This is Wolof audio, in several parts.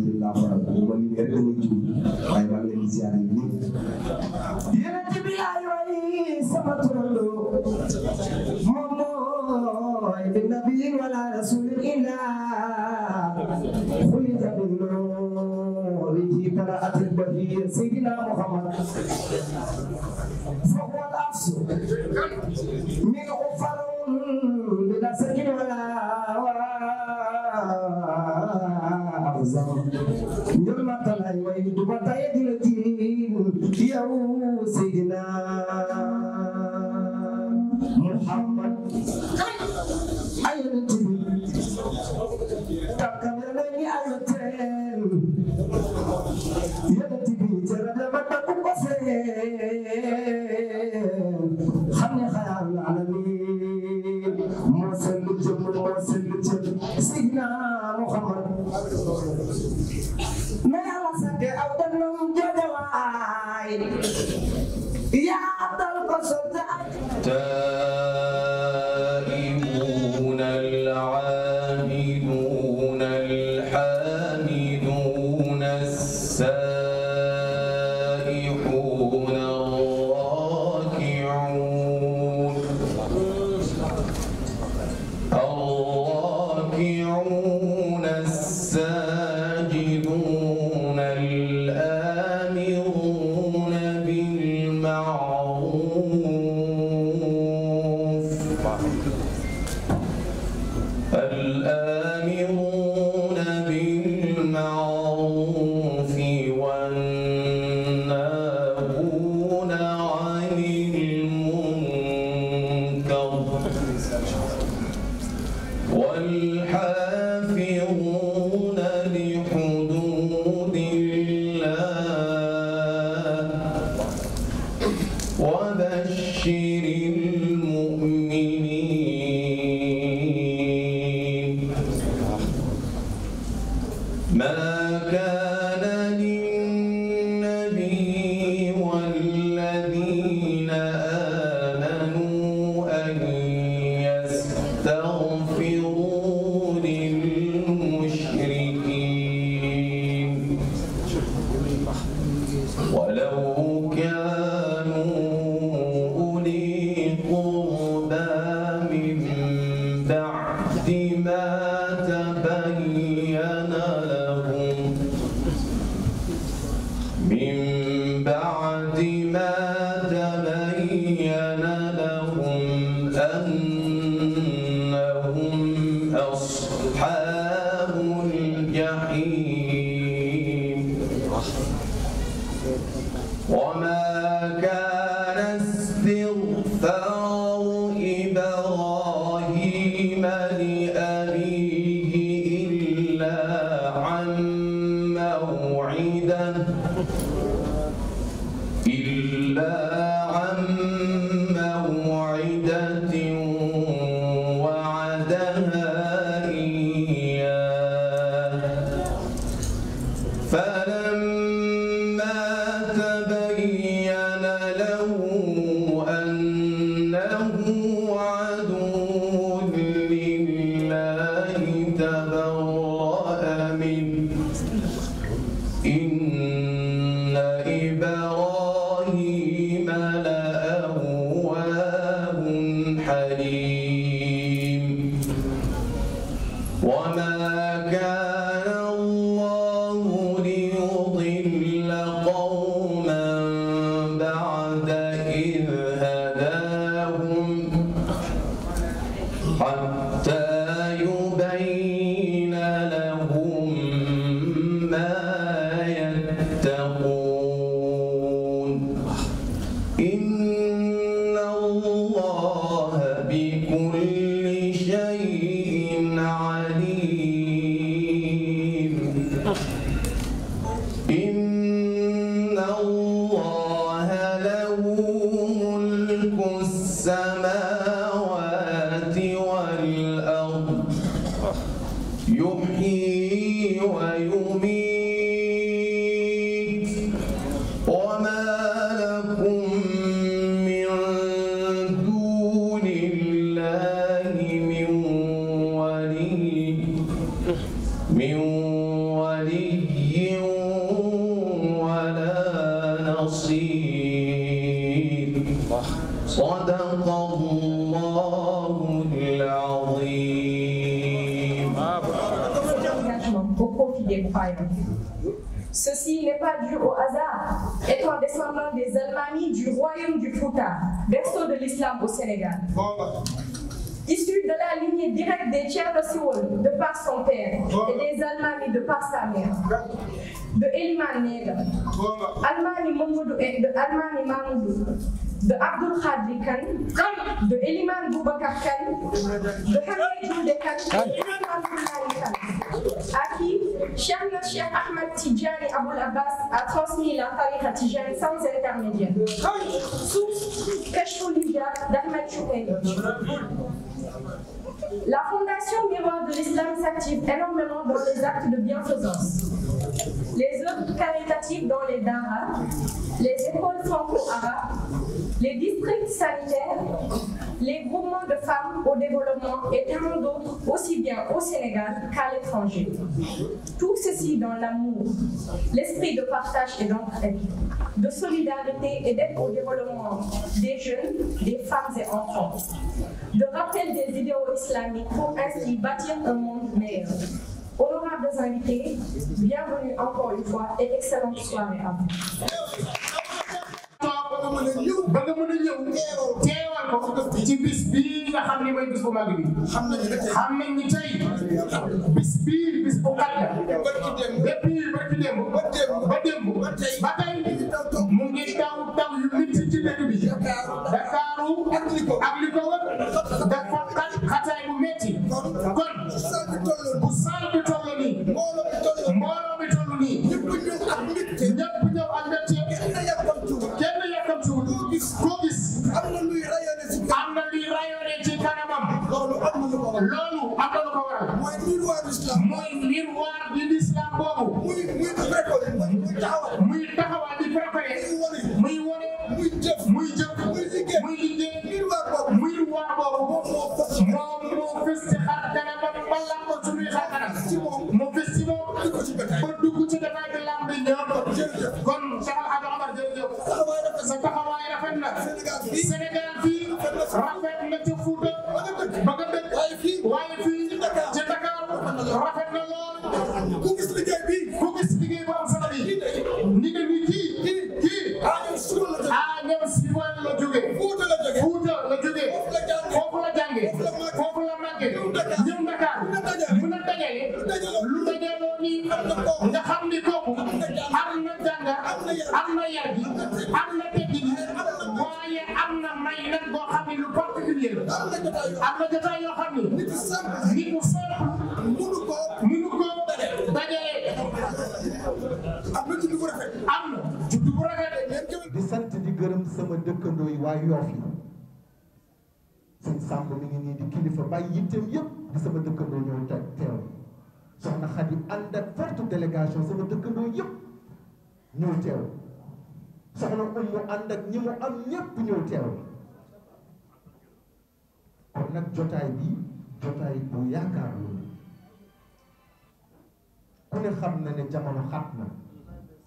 alhamdulilah waral bi man mii rek la ñuy tudd waaye maa ngi leen di ziare ñëpp. yéen a ji bi aywaay sama turando moom mooy bi nabi wala rasulillah xulita bi noori tara atil badiya sayidina Muhammad فهو الأفضل من غفر أعظم نعمة الحيوان وطيب الدين يا سيدنا محمد أيوة تكملني أيوتين يلتي بيتنا ما تكون خلني خيال العالمين ما سلت ما سلت سيدنا محمد baay yaa dal ko sa islam au Sénégal. Bon. Issu de la lignée directe des Thierno Siwol de par son père bon. et des Almami de par sa mère. de Eliman Nega. Bon. Almami Mamadou et de Almami Mamadou. de Abdoul Khadri Kane. de Eliman Boubacar Kane. de Hamidou Touré Kane et de Eliman Foulani Kane. À qui Cheikhna Cheikh Ahmad Tidjani Aboul Abbas a transmis la tariqa Tidjani sans intermédiaire. Source Kashful Hijab d'Ahmad Choukaï. La Fondation de l'Islam s'active énormément dans les actes de bienfaisance. Les œuvres les écoles franco-arabes, les districts sanitaires, les groupements de femmes au développement et tellement d'autres, aussi bien au Sénégal qu'à l'étranger. Tout ceci dans l'amour, l'esprit de partage et d'entraide, de solidarité et d'aide au développement des jeunes, des femmes et enfants. De rappel des idéaux islamiques pour ainsi bâtir un monde meilleur. Honorables invités, bienvenue encore une fois et excellente soirée à nga mën a ñëw ba nga mën a ñëw teewal ko ci bis bii nga xam ni mooy bis bu mag bi xam nañ ni tey bis bii bis bu kat la depuis barki démb ba démb ba tey mu ngi taw taw yu métti ci dëkk bi Dakaaru ak li ko wër dafa xat xataay bu métti kon bu saal bi toll nii mbooloo bi toll nii ñëpp ñëw ak mbégte am na luy rayonné ci kanamam. am na luy rayonné ci kanamam. loolu am na lu ko waral. loolu am na lu ko waral. mooy miroir du islam. mooy miroir du islam boobu. muy muy préparé muy taxawal. muy taxawal di préparé. muy wane muy wane. muy jëf muy jëf. muy liggéey muy liggéey. miroir boobu miroir boobu. moom moo fës. moom moo fës. làmb suñuy xar-xaram mu gis ci moom ba dugg ci détail bi làmb bi ñëpp kon Cheikh Alhaji Omar jërëjëf sa taxawaay rafet na Sénégal fii rafet na ca Fuuta ba nga dëkk waaye fii ci Dakar rafet na lool ku gis liggéey bi ku gis liggéey bu am solo bi ni nga ni kii kii kii am na yar bi am na tekki bi waaye am na may nag xam ne lu particulier la am na jotaay xam ne nit mu sopp mënu ko ko dajale am na juddu bu rafet am na di sant di gërëm sama dëkkandoo yi waa Yoof yi sëñ ngi nii di kilifa bàyyi yitteem yëpp di sama dëkkandoo ñëw teew soxna Xadi ànd ak forte délégation sama dëkkandoo yëpp ñëw teew soxna ummu ànd ak ñi mu am ñépp ñëw teew kon nag jotaay bi jotaay bu yaakaar loolu ku ne xam na ne jamono xat na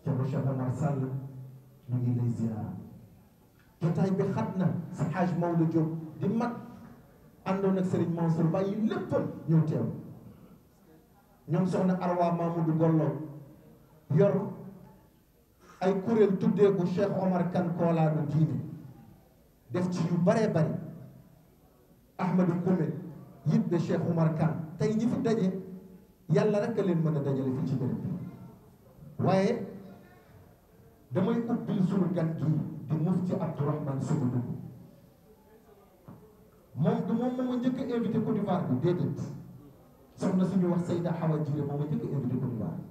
jamono Cheikh Omar Sall ñu ngi lay ziar jotaay bi xat na si xaaj Maodo Diop di mag àndoon ak Serigne Mansour bàyyi léppam ñëw teew ñoom soxna Arwa Mamadou Gollo yor ay kuréel tuddee ko Cheikh Omar Kane koolaanu diine def ci yu baree bari Ahmadou Koumé yit de Cheikh Omar Kane tey ñi fi daje yàlla rek a leen mën a dajale fi ci bërëb bi waaye damay ubbil suñu gan gi di mufti Abdourahmane Sougoudou moom du moom moo ma njëkk a invité Côte bi déedéet soxna suñu wax Seyda Hawa Jiré moo ma njëkk a invité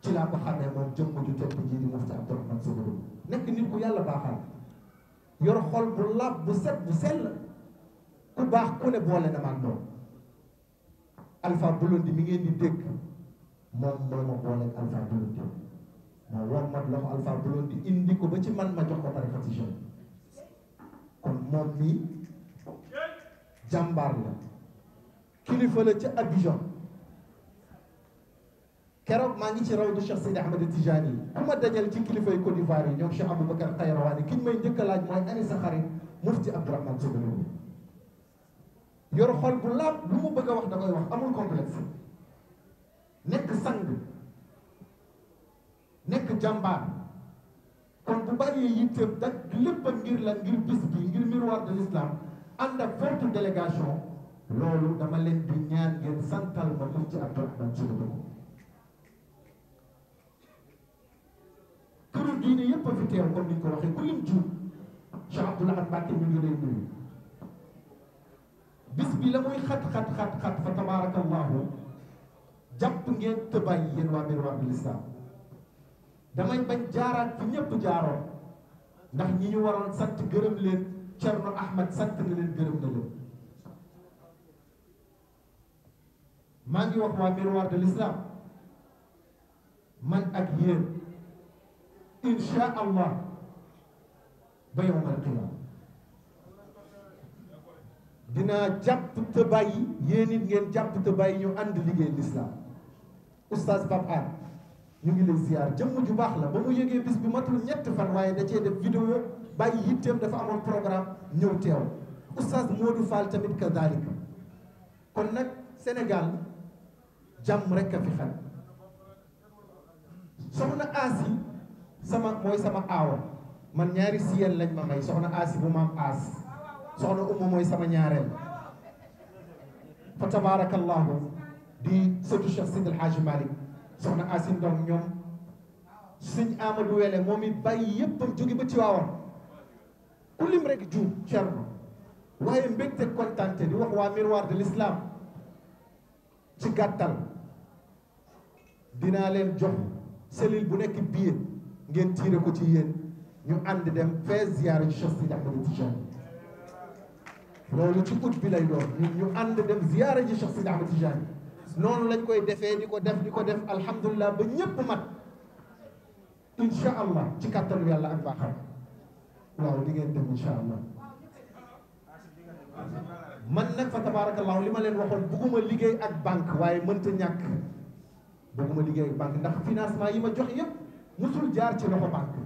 ci laa ko xamee moom jëmm ju tedd ji di mufti Abdourahmane Sy Dabakh nekk nit ku yàlla baaxal yor xol bu laab bu set bu sell ku baax ku ne boole na maag moom Alpha Blondy mi ngeen di dégg moom moo ma boole ak Alpha Blondy indi ko ba ci man ma jox ko par ci kon moom mii jàmbaar la kilifa la ca Abidjan keroog maa ngi ci rawdu Cheikh Sidi Ahmed Tijani yi ku ma dajal ci kilifa yi Côte d'Ivoire yi ñoom Cheikh Aboubacar Xayrawaani ki ñu may njëkk a laaj mooy ani sa xarit mufti Abdourahmane Tidiane yor xol bu laab lu mu bëgg a wax da koy wax amul complexe nekk sang nekk jàmbaar kon bu bàyyee yitteem dag lépp a ngir la ngir bis bi ngir miroir de l'islam ànd ak forte délégation loolu dama leen di ñaan ngeen santal ma mufti Abdourahmane Tidiane kilifa diine yëpp a fi teew comme ni ñu ko waxee ku lim juum Cheikh Abdoul Ahad Mbacké ñu ngi lay nuyu bis bi la muy xat xat xat xat fa tabarakallahu jàpp ngeen tëbaay yéen waa Mirwaaru Lislaam damay bañ jaaraat fi ñëpp jaaroon ndax ñi ñu waroon sant gërëm leen Cerno Ahmad sant na leen gërëm na leen maa ngi wax waa Mirwaaru Lislaam man ak yéen incha allah ba yawmal qiyaama dinaa jàpp te bàyyi yéen it ngeen jàpp te bàyyi ñu ànd liggéey lislaam oustaz Pape An ñu ngi lay ziar jëmm ju baax la ba mu yëgee bis bi matul ñett fan waaye da cee def vidéo bàyyi yitteem dafa amoon programme ñëw teew oustaz Modou Fall tamit kadalik kon nag Sénégal jàmm rek a fi xel soxna Asi sama mooy sama aawa man ñaari siyel lañ ma may soxna aasi bu maam aas soxna umma mooy sama ñaareel fa tabarakallahu di sëtu Cheikh Sidil Hadji Malick soxna aasi ndong ñoom suñ Amadou Wele moom it bàyyi yëppam jóge ba ci waawoon ku lim rek juum cerno waaye mbégte kontante di wax waa miroir de l'islam ci gàttal dinaa leen jox cellule bu nekk billet ngeen tiire ko ci yéen ñu ànd dem fee ziyaara ci Cheikh Sidi Ahmed Tijani li ci août bi lay doon ñun ñu ànd dem ziyaara ji Cheikh Sidi Ahmed Tijani noonu lañ koy defee ni ko def di ko def alhamdulilah ba ñëpp mat incha allah ci kattanu yàlla ak baaxam waaw di ngeen dem incha allah man nag fa tabaarakallaahu li ma leen waxoon bëgguma liggéey ak banque waaye mënta ñàkk bëgguma liggéey ak banque ndax financement yi ma jox yëpp musul jaar ci loxo banque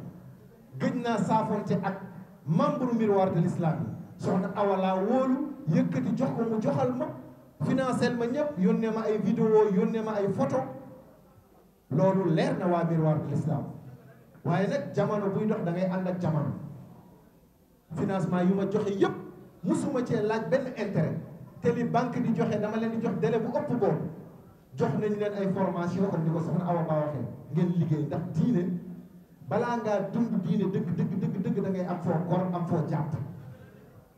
gëj naa ci ak membre miroir de l'islam yi soxna awalaa wóolu yëkkati jox ko mu joxal ma financel ma ñëpp yónnee ma ay vidéo yónnee ma ay photo loolu leer na waa miroir de l'islam waaye nag jamono buy dox dangay ngay ànd ak jamono financement yu ma joxe yëpp musuma cee laaj benn intérêt te li banque di joxe dama leen di jox délai bu ëpp boobu jox nañu leen ay formation kon ni ko soxna Awa Ba waxee ngeen liggéey ndax diine balaa ngaa dund diine dëgg dëgg dëgg dëgg da ngay am foo kor am foo jàpp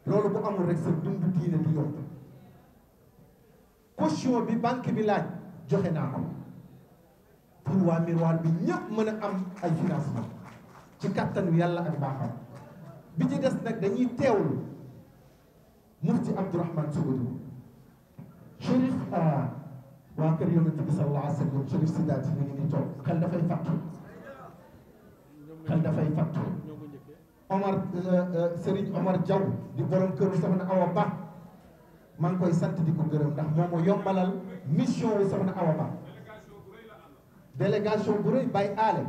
loolu bu amul rek sa dund diine du yomb caution bi banque bi laaj joxe naa ko pour waa bi ñëpp mën a am ay financement ci kattanu yàlla ak baaxam bi ci des nag dañuy teewul mufti Abdourahmane Sougou Chérif euh, waa kër yonent bi sallallahu alayhi wa sallam Cherif Sidi Diagne ñu ngi nii toog xel dafay fàttu xel dafay fàttu Omar euh, euh, Serigne Omar Diaw di borom kër soxna Awa Ba maa ngi koy sant di ko gërëm ndax moom moo yombalal mission wu soxna Awa Ba délégation bu rëy bay aale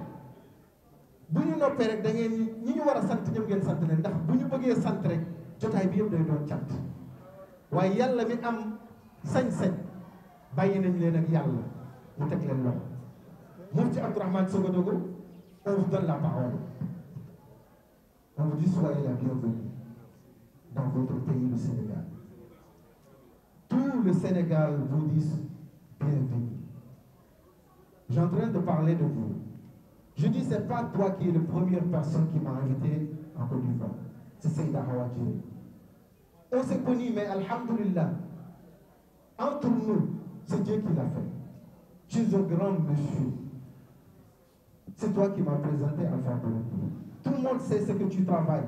bu ñu noppee rek da ngeen ñi ñu war a sant ñëpp ngeen sant leen ndax bu ñu bëggee sant rek jotaay bi yëpp day doon cant waaye yàlla mi am sañ-sañ. bàyyi nañ leen ak yàlla mu teg leen loxo Mufti Abdourahmane vous donne la parole on vous dit soyez la bienvenue dans votre pays le Sénégal tout le Sénégal vous dit bienvenue j'ai de parler de vous je dis c'est pas toi qui es la première personne qui m'a invité en Côte c'est Seyda Hawa Dieng on s'est alhamdulillah C'est Dieu qui l'a fait. Tu es au grand monsieur. C'est toi qui m'as présenté à Fabio. Tout le monde sait ce que tu travailles.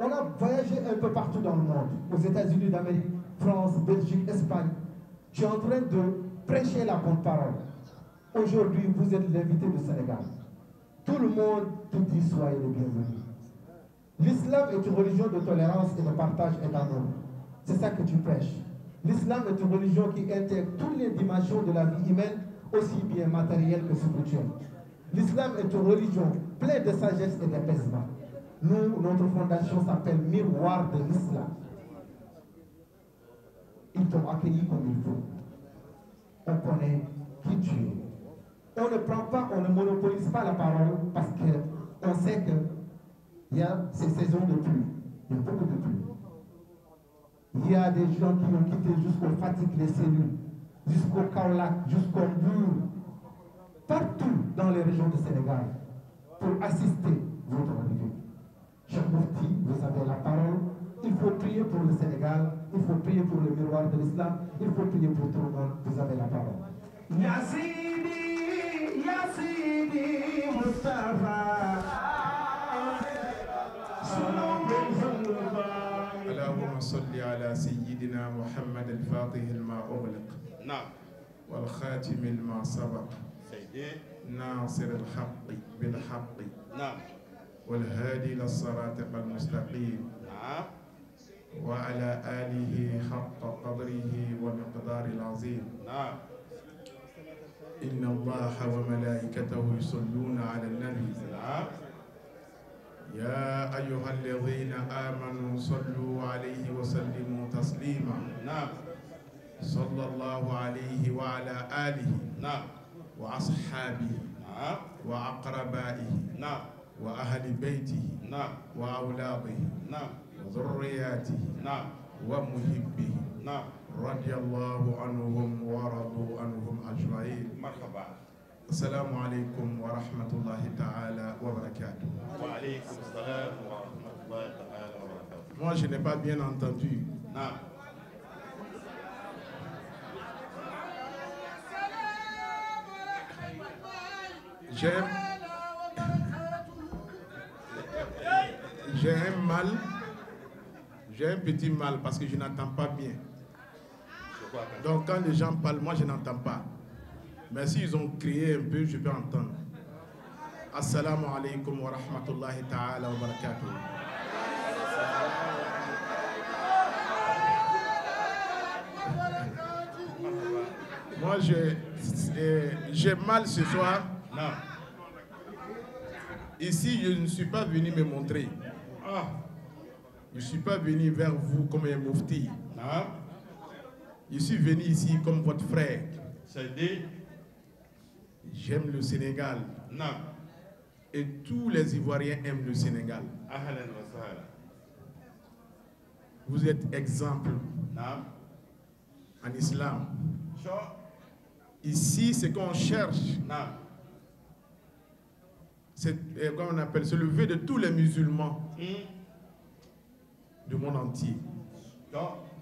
On a voyagé un peu partout dans le monde, aux États-Unis d'Amérique, France, Belgique, Espagne. Tu es en de prêcher la bonne parole. Aujourd'hui, vous êtes l'invité du Sénégal. Tout le monde te dit soyez les bienvenus. L'islam est une religion de tolérance et de partage énorme. C'est ça que tu prêches. l'islam est une religion qui intègre toutes les dimensions de la vie humaine, aussi bien matérielle que spirituelle. L'islam est une religion pleine de sagesse et d'apaisement. Nous, notre fondation s'appelle Miroir de l'Islam. Ils t'ont accueilli comme il faut. On connaît qui tu On ne prend pas, on ne monopolise pas la parole parce qu'on sait qu'il y a saisons de pluie. Il y a beaucoup de pluie. Il y a des gens qui ont quitté jusqu'au Fatick les cellules, jusqu'au Kaolack, jusqu'au Mbour, partout dans les régions du Sénégal pour assister votre arrivée. Cheikh Moufti, vous avez la parole. Il faut prier pour le Sénégal, il faut prier pour le miroir de l'islam, il faut prier pour tout le monde. Vous avez la parole. Ya Sidi, Ya salli ala sayyidina muhammad al-faatihi lima ughliq naam wal xaatimi lima sabaq naasir al-haqqi bil haqqi naam wal haadi ila siraatika al-mustaqim naam wa ala aalihi haqqa qadrihi wa miqdaarihi al-aziim naam inna allaha wa malaa'ikatahu yusalluuna ala an-nabi يا أيها الذين آمنوا صلوا عليه وسلموا تسليما نعم صلى الله عليه وعلى آله نعم وأصحابه نعم وأقربائه نعم وأهل بيته نعم وأولاده نعم وذرياته نعم ومحبه نعم رضي الله عنهم ورضوا عنهم أجمعين مرحبا asalaamualeykum wa rahmatullahi taala wa barakatuh. waaleykum salaam wa rahmatullahi taala wa barakatuh. Moi, je n'ai pas bien entendu. Naam. J'ai j'ai un mal, j'ai un petit mal parce que je n'entends pas bien. Donc quand les gens parlent, moi je n'entends pas. Mais s'ils si ont crié un peu, je peux entendre. Assalamu alaikum wa rahmatullahi ta'ala wa barakatuh. Moi, j'ai mal ce soir. Non. Ici, je ne suis pas venu me montrer. Ah. Je ne suis pas venu vers vous comme un moufti. Non. Je suis venu ici comme votre frère. C'est dit J'aime le Sénégal. Non. Et tous les Ivoiriens aiment le Sénégal. Ahlan wa sahlan. Vous êtes exemple. Non. En islam. Ici, ce qu'on cherche. Non. C'est euh, comment on appelle, c'est le de tous les musulmans mm. du monde entier.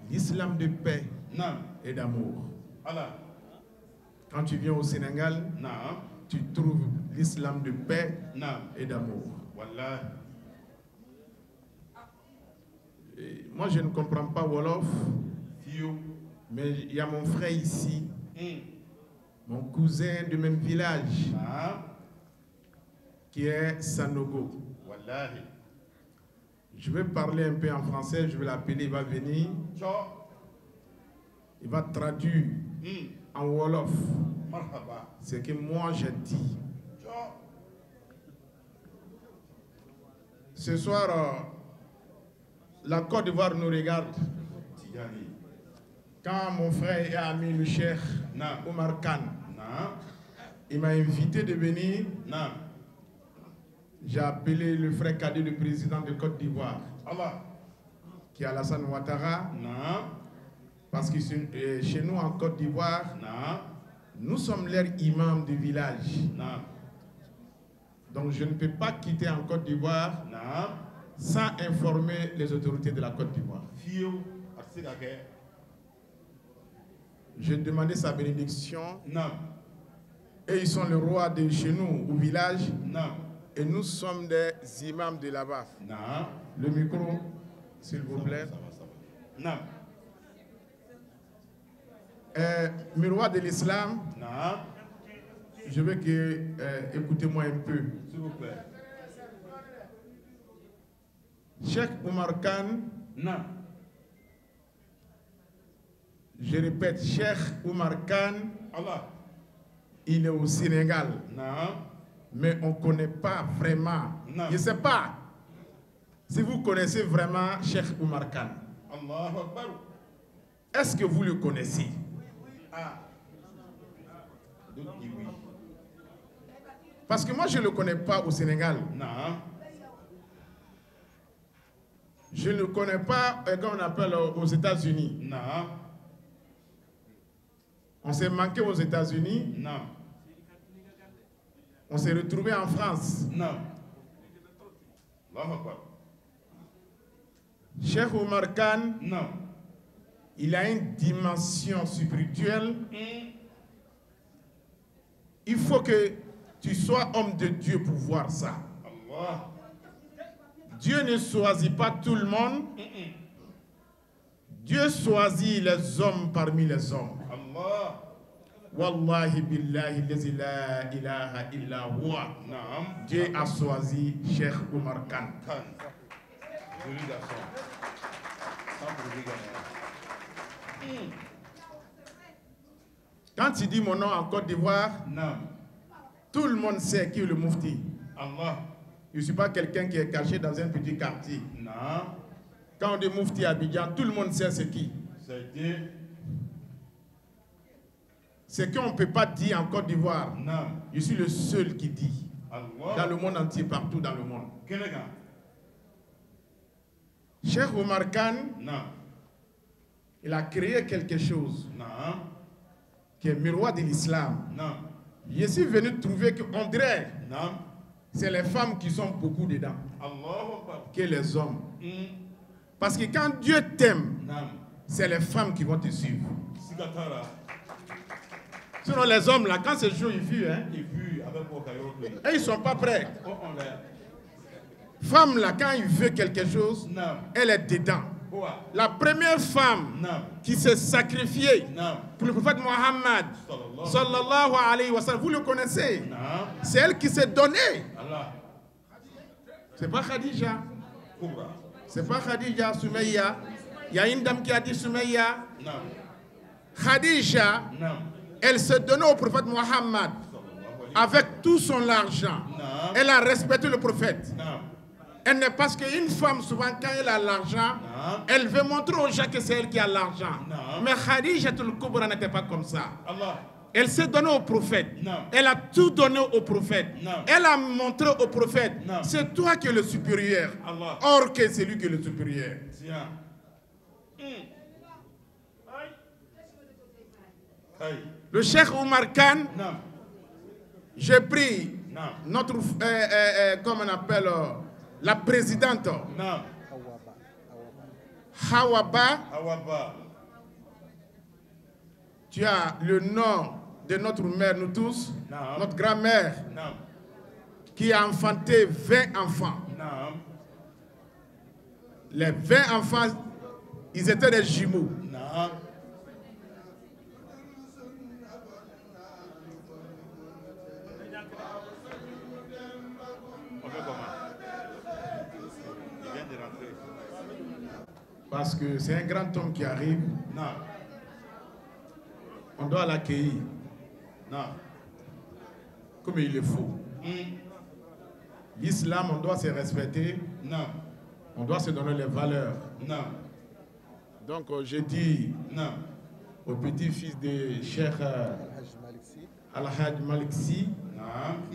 L'islam de paix non. et d'amour. Quand tu viens au Sénégal, Naam. tu trouves l'islam de paix Naam. et d'amour. Voilà. Et moi, je ne comprends pas Wolof. Mais il y a mon frère ici, mm. mon cousin du même village, Naam. qui est Sanogo. Voilà. Je vais parler un peu en français, je vais l'appeler, il va venir. Il va traduire. Mm. en Wolof, ce que moi j'ai dit. Ce soir, euh, la Côte d'Ivoire nous regarde. Quand mon frère et ami le Cheikh Omar Khan, il m'a invité de venir. J'ai appelé le frère cadet du président de Côte d'Ivoire, qui est Alassane Ouattara. Non. Parce que euh, chez nous en Côte d'Ivoire, nous sommes l'air imam du village. Non. Donc pas quitter en Côte d'Ivoire sans informer les autorités de la Côte d'Ivoire. Je demandais sa bénédiction. Non. Et le roi de chez nous, au village. Non. nous sommes des imams de la BAF. Le micro, s'il vous plaît. Euh, miroir de l'islam. Je veux que, euh, écoutez-moi un peu. S'il vous Khan. Je répète, Cheikh Omar Khan. Il est au Sénégal. Non. Mais on connaît pas vraiment. Je sais pas si vous connaissez vraiment Cheikh Omar Khan. Est-ce que vous le connaissez? Ah. D'autres Parce que moi, je ne le connais au Sénégal. Non. Je ne le connais pas, euh, on appelle euh, aux États-Unis. Non. On s'est manqué aux États-Unis. Non. On s'est retrouvé en France. Non. Cheikh Omar Khan. Non. il a une dimension spirituelle. Il faut que tu sois homme de Dieu pour voir ça. Allah. Dieu ne choisit pas tout le monde. Dieu choisit les hommes parmi les hommes. Wallahi billahi la ilaha illa huwa. Dieu a choisi Cheikh Omar Khan. Khan. Quand il dit mon nom en Côte d'Ivoire, tout le monde sait qui le Moufti. Quand on dit Moufti Abidjan, tout le monde sait c'est qui. C'est qu'on peut pas dire en Côte d'Ivoire. Je suis le seul qui dit. Dans le monde entier, partout dans le monde. Quel Omar Khan. Il a créé quelque chose non. qui de l'islam. Je suis venu trouver qu'on dirait c'est les femmes qui sont beaucoup dedans Allah. que les hommes. Mm. Parce que quand Dieu t'aime, c'est les femmes qui vont te suivre. Sikatara. les hommes, là, quand c'est chaud, ils fuient. Hein? Ils fuient avec Et ils sont pas prêts. Oh, Femme, là, quand il veut quelque chose, elle est dedans. La première femme qui s'est sacrifiée pour le prophète Mohammed, vous le connaissez, c'est elle qui s'est donnée. C'est pas Khadija. C'est Il y a une dame qui a dit Soumeya. Khadija, elle s'est donnée au prophète Mohammed avec tout son argent. Elle a respecté le prophète. Elle ne, parce qu'une femme, souvent, quand a l'argent, elle veut montrer aux gens que c'est elle qui a l'argent. Mais Khadija Kubra n'était pas comme ça. Elle s'est donnée au prophète. Elle a tout donné au prophète. Elle a montré au prophète, c'est toi qui es le supérieur. Or que c'est qui est le supérieur. Euh, euh, euh, comme on appelle... la présidente naam Hawa tu as le nom de notre mère nous tous notre grand-mère qui a enfanté 20 enfants les 20 enfants ils étaient des jumeaux Parce que c'est un grand homme qui arrive. Non. On doit l'accueillir. Non. Comme il le faut. Mm. L'islam, on doit se respecter. Non. On doit se donner les valeurs. Non. Donc euh, je dis non. au petit-fils de Cheikh euh, Al-Hajj Malik Sy,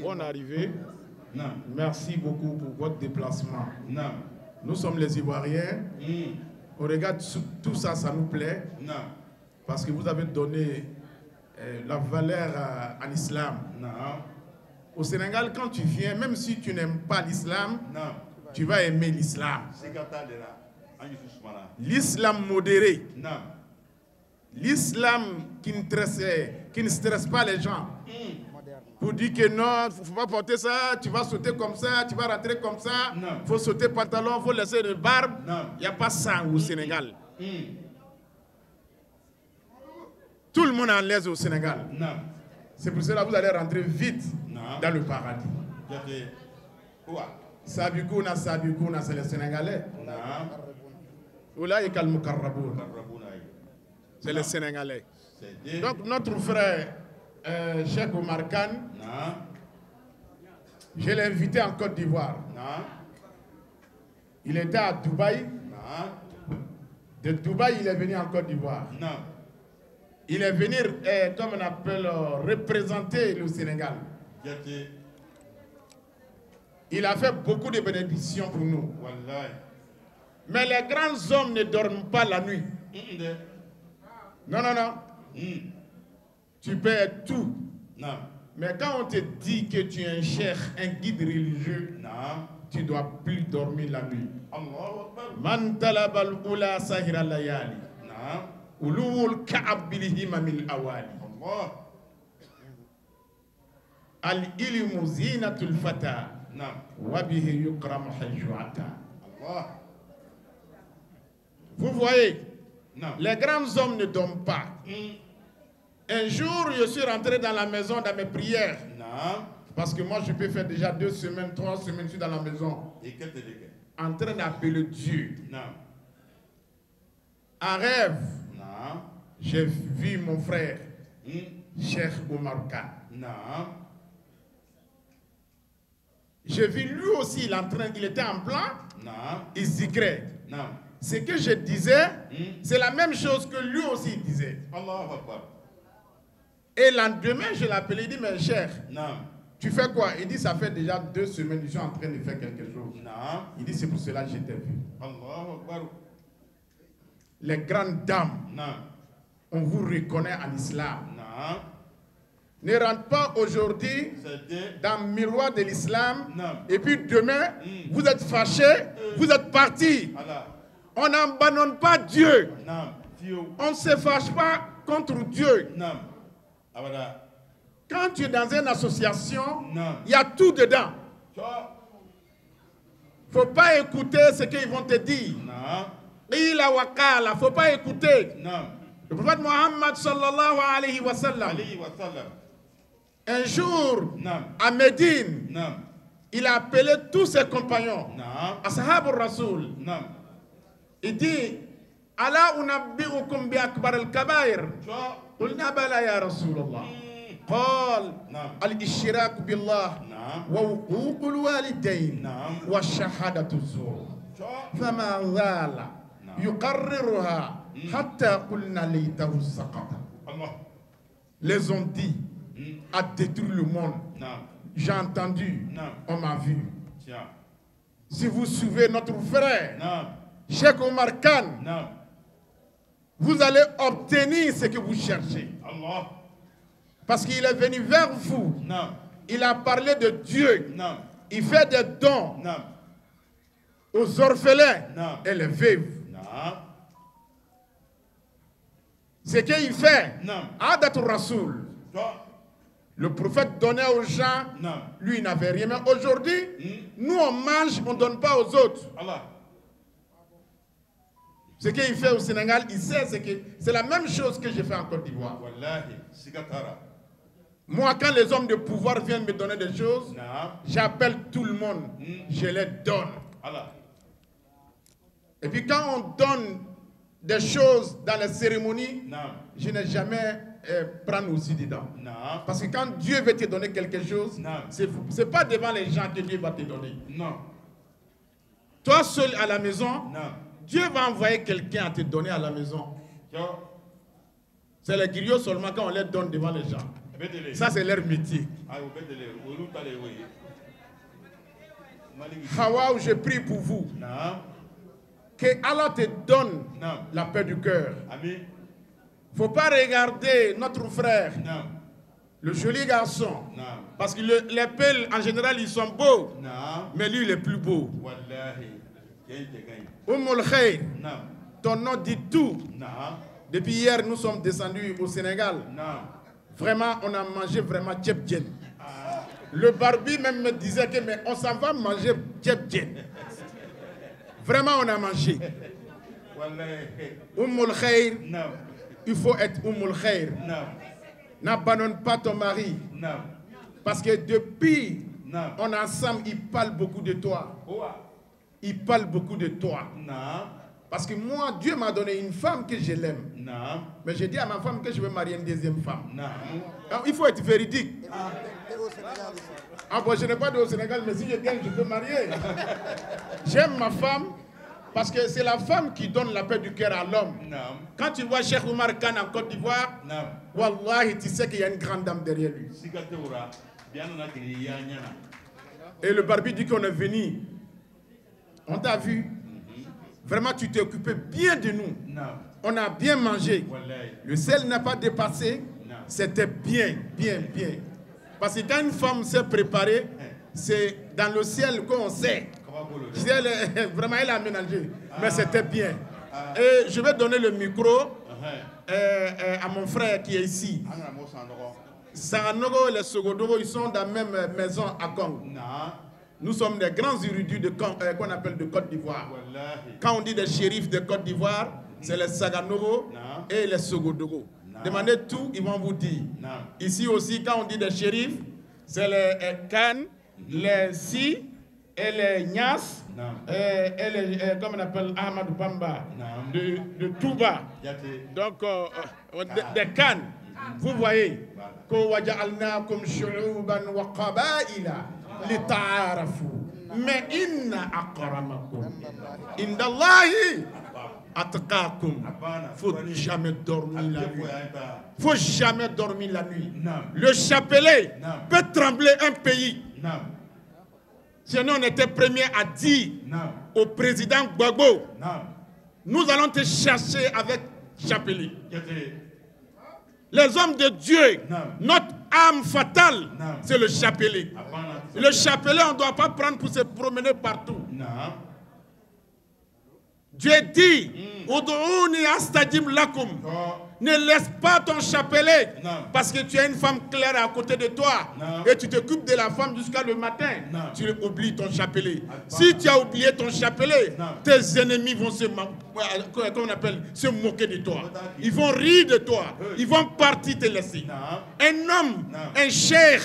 bonne arrivée. Non. Merci beaucoup pour votre déplacement. Non. Nous sommes les Ivoiriens. Mm. on regarde tout ça, ça nous plaît. Non. Parce que vous avez donné euh, la valeur à, l'islam. Au Sénégal, quand tu viens, même si tu n'aimes pas l'islam, tu vas aimer l'islam. Ah, l'islam modéré. L'islam qui, ne stresse pas les gens. Hmm. pour dire que non, il porter ça, tu vas sauter comme ça, tu vas rentrer comme ça, il sauter pantalon, il laisser une barbe. Il a pas ça au mm. Sénégal. Mm. Tout le monde en l'aise au Sénégal. C'est pour cela vous allez rentrer vite dans le paradis. Sabikouna, Sabikouna, c'est les Sénégalais. Oula C'est les Sénégalais. Donc notre frère euh, Cheikh Oumar Khan. Je l'ai invité en Côte d'Ivoire. Il était à Dubaï. De Dubaï, il est venu en Côte d'Ivoire. Il est venu, eh, comme on appelle, euh, représenter le Sénégal. Il a fait beaucoup de bénédictions pour nous. Mais les grands hommes ne dorment pas la nuit. Non, non, non. Mm. tu perds tout. Non. Mais quand te dit que tu es un cheikh, un guide religieux, tu dois plus dormir la nuit. Man talaba al sahira layali. Uluwul ka'ab bilihima min awali. Allah. Al-ilmu zinatul Wa bihi yukram hajwata. Vous voyez, les grands hommes ne dorment pas. Hmm. Un jour, je suis rentré dans la maison dans mes prières. Non. Parce que moi, je peux faire déjà deux semaines, trois semaines, je suis dans la maison. Et que en train Dieu. Non. En rêve, j'ai vu mon frère, mmh. Cheikh J'ai vu lui aussi, il, en était en blanc, non. il Non. Hmm. c'est la même chose que lui aussi disait. Et lendemain, je l'ai il dit, mais cher, tu fais quoi Il dit, ça fait déjà deux semaines, je suis de faire quelque chose. Il dit, c'est pour cela que Les grandes dames, on vous reconnaît en islam. Ne rentre pas aujourd'hui dans le miroir de l'islam. Et puis demain, hmm. vous êtes fâchés, euh. vous êtes partis. On n'abandonne pas Dieu. On ne se fâche pas contre Dieu. Quand tu es dans une association, il y a tout dedans. Il ne faut pas écouter ce qu'ils vont te dire. Il ne faut pas écouter. Le prophète Mohammed sallallahu alayhi wa sallam, un jour, à Médine, il a appelé tous ses compagnons, Ashab al-Rasoul. Il dit, Allah unabbi'ukum bi akbar al-kabair. قلنا بلى يا رسول الله قال نعم. الاشراك بالله نعم. ووقوق الوالدين نعم. والشهادة الزور فما زال يقررها حتى قلنا ليته سقط Les ont dit à détruire le monde. J'ai entendu, on m'a vu. Si vous suivez notre frère, Cheikh Omar Khan, vous allez obtenir ce que vous cherchez. Parce qu'il est venu vers vous. Il a parlé de Dieu. Il fait des dons aux orphelins et les veuves. Ce qu'il fait, Adatou Rasoul, le prophète donnait aux gens, lui n'avait rien. Mais aujourd'hui, hmm. nous on mange, on ne donne pas aux autres. Ce qu'il fait au Sénégal, il sait que c'est la même chose que j'ai fait en Côte d'Ivoire. Moi, quand les hommes de pouvoir viennent me donner des choses, j'appelle tout le monde, hmm. je les donne. Et quand on donne des choses dans les cérémonies, je n'ai jamais euh, prendre aussi dedans. Parce que quand Dieu veut te donner quelque chose, ce pas devant les gens que Dieu va te donner. Non. Toi seul à la maison, Dieu va envoyer quelqu'un à te donner à la maison. C'est les griots seulement quand on les donne devant les gens. c'est leur mythique. Ah, Hawaou, je prie pour vous. Que Allah te donne la paix du cœur. Il faut pas regarder notre frère, le joli garçon. Parce que les pelles, en général, ils sont beaux. Mais lui, il plus beau. Oumoul Khair ton nom dit tout depuis hier nous sommes descendus au Sénégal vraiment on a mangé vraiment ceeb jën ah. le barbu même me disait que mais on s'en va manger ceeb jën vraiment on a mangé Oumoul Khair il faut être Oumoul Khair n'abandonne pas ton mari parce que depuis on ensemble il parle beaucoup de toi il parle beaucoup de toi. Parce que moi, Dieu m'a donné une femme que je l'aime. Mais je dis à ma femme que je vais marier une deuxième femme. Ah, il faut être véridique. Ah bon, je n'ai pas de au Sénégal, mais si je gagne, je peux marier. J'aime ma femme parce que c'est la femme qui donne la paix du cœur à l'homme. Quand tu vois Cheikh Oumar Khan en Côte d'Ivoire, a une grande dame derrière lui. Et le barbier dit qu'on est venu On t'a vu. Vraiment, tu t'es occupé bien de nous. On a bien mangé. Le sel n'a pas dépassé. C'était bien, bien, bien. Parce que quand une femme s'est préparée, c'est dans le ciel qu'on sait. Elle, vraiment, elle ah. ah. Et je vais donner le micro uh-huh. euh, euh, à mon frère qui est ici. Ah, Sanogo et les Sogodogo, ils sont dans même maison à Kong. Nous sommes des grands érudits euh, qu'on de Côte d'Ivoire. Quand on dit des shérifs de Côte d'Ivoire, hmm. c'est les Saganogo et les Sogodogo. Demandez tout, ils vous aussi, quand on dit des shérifs, c'est les euh, Kan, hmm. les Si et les Nias, euh, et, les, euh, comme on appelle Ahmad Bamba, non. de, de Touba. Donc, euh, euh, ah. des de Kan. Hmm. Vous voyez. Voilà. li taarafu mais inna aqramakum inda allahi atqaakum faut jamais dormir la nuit faut jamais dormir la nuit le chapelet peut trembler un pays sinon on était premier à dire au président Gbagbo nous allons te chercher avec chapelet les hommes de Dieu non arme fatale, c'est le chapelet. Le chapelet, on ne doit pas prendre pour se promener partout. Dieu dit, hmm. Udu'uni astajib lakum. Ne laisse pas ton chapelet. Non. Parce que tu as une femme claire à côté de toi. Non. Et tu t'occupes de la femme jusqu'à le matin. Non. Tu oublies ton chapelet. Ah, si tu as oublié ton chapelet, tes ennemis vont se, on appelle, se moquer de toi. Ils vont rire de toi. Ils vont partir te laisser. Un homme, un cheikh,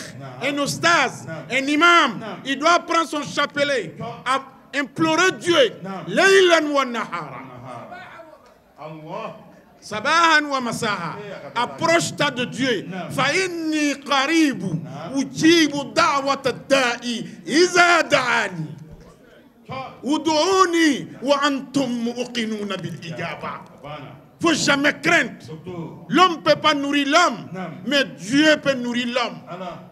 un ostase, un imam, il doit prendre son chapelet à implorer Dieu. sabahan wa masaha approche-toi de Dieu fa inni qaribu ujibu da'wata da'i iza da'ani ud'uni wa antum muqinuna bil ijaba faut jamais craindre l'homme peut pas nourrir l'homme mais Dieu peut nourrir l'homme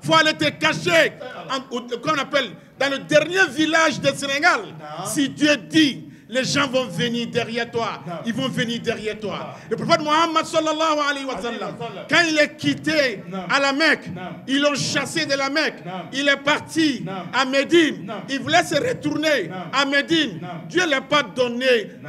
faut aller te cacher en, qu'on appelle dans le dernier village du Sénégal si Dieu dit Les gens vont venir derrière toi. Ils vont venir derrière toi. Le prophète Mohammed sallallahu alayhi wa sallam, quand il est quitté à la Mecque, ils l'ont chassé de la Mecque. Il est parti à Médine. Il voulait se retourner à Médine. Dieu ne l'a pas donné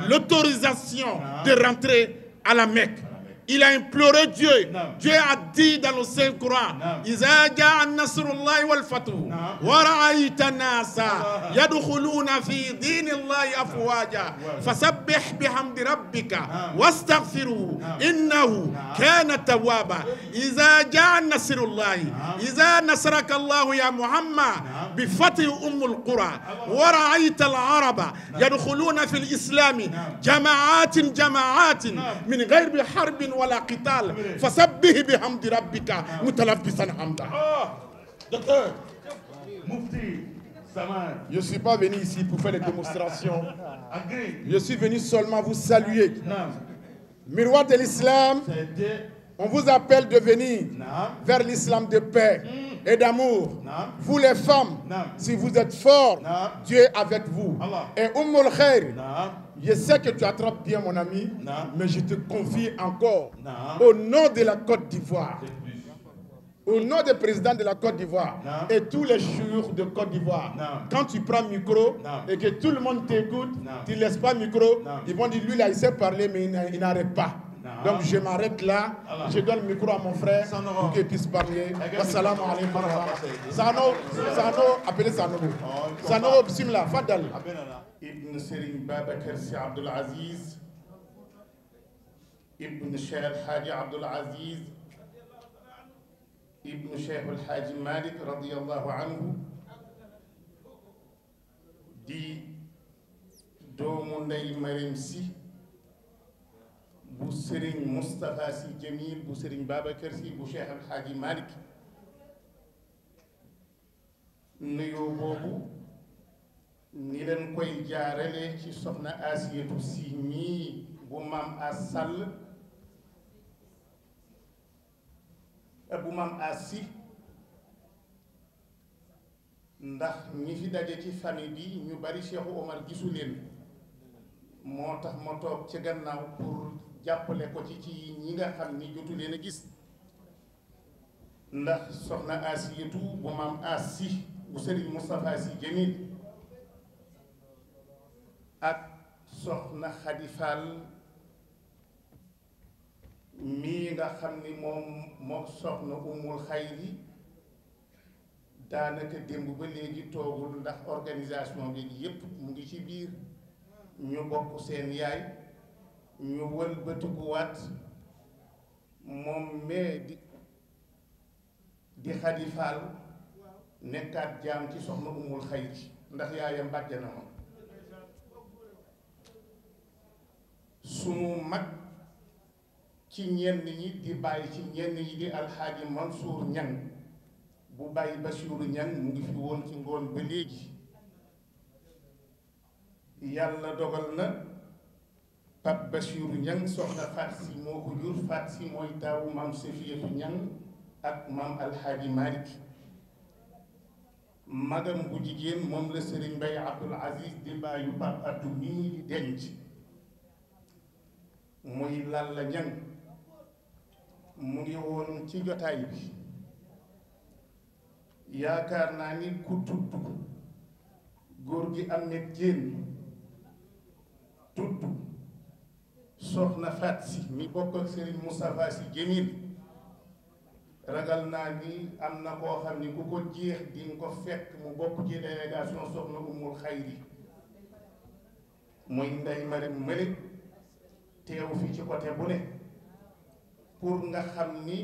l'autorisation de rentrer à la Mecque. Il a imploré Dieu. Non. Dieu a dit dans le Saint-Coran إذا جاء نصر الله والفتح ورأيت الناس يدخلون في دين الله أفواجا فسبح بحمد ربك واستغفره إنه كان توابا إذا جاء نصر الله إذا نصرك الله يا محمد بفتح أم القرى ورأيت العرب يدخلون في الإسلام جماعات جماعات من غير حرب wala qital ah, suis pas venu ici pour faire des démonstrations je suis venu seulement vous saluer miroir de l'islam on vous appelle de venir vers l'islam de paix hmm. et d'amour. Vous les femmes, si vous êtes forts, Dieu avec vous. Et Ummul Khair, Je sais que tu attrapes bien, mon ami, non. mais je te confie encore, non. au nom de la Côte d'Ivoire, au nom du président de la Côte d'Ivoire et tous les jours de Côte d'Ivoire, quand tu prends micro non. et que tout le monde t'écoute, tu ne laisses pas micro, ils vont dire lui là, il sait parler, mais il n'arrête pas. Donc je m'arrête là, Alors. je donne le micro à mon frère pour qu'il puisse parler. Assalamu alaikum. Sano, Sano, appelez Sano. Oh, Sano, Simla, Fadal. ibn Serigne Babacar Sy Abdoul Aziz ibn Cheikh Hadji Abdoul Aziz ibn Cheikh El Hadji Malick radiyallahu anhu di doomu Ndeye Mariam Sy bu Serigne Moustapha Sy Jamil bu Serigne Babacar Sy bu Cheikh El Hadji Malick nuyoo boobu. ni leen koy jaarale ci soxna Asiyatu Si mii bu maam a sàll eh, bu maam a si ndax ñi fi daje ci famille bi ñu bari Cheikhu Omar gisu leen moo tax ma toog ci gannaaw pour jàppale ko ci ci ñi nga xam ni jotu leen a gis ndax soxna Asiyatu bu maam a si bu Sëriñ Moustapha Si Jamil soxna Xadi Faal mii nga xam ni moom moom soxna umul xayri daanaka démb ba léegi toogul ndax organisation bi yépp mu ngi ci biir ñu bokk seen yaay ñu wëlbatikuwaat moom mee di di Xadi nekkaat jaam ci soxna umul xayri ndax yaayam bàjjanamam sunu mag ci ñenn ñi di bàyyi ci ñenn yi di alxaaji Mansour Ñang bu bàyyi Basiiru Ñang mu ngi fi woon ci ngoon ba léegi yàlla dogal na Pape Basiiru Ñang soxna Faat Si moo ko jur Faat Si mooy taawu maam Safiyatu Ñang ak maam alxaaji Malik magam bu jigéen moom la Sëriñ Mbay Abdul Aziz di bàyyu Pape Abdou mii denc muy Lalla Dieng mu ngi woon ci jotaay bi yaakaar naa ni ku tudd góor gi am net jéen tudd soxna Faat si mi bokk ak Serigne Moustapha si Jamil ragal naa ni am na koo xam ni ku ko jeex di ko fekk mu bokk ci délégation soxna Umul Xayri muy Ndey Maram Malik teew fii ci côté bu ne pour nga xam ni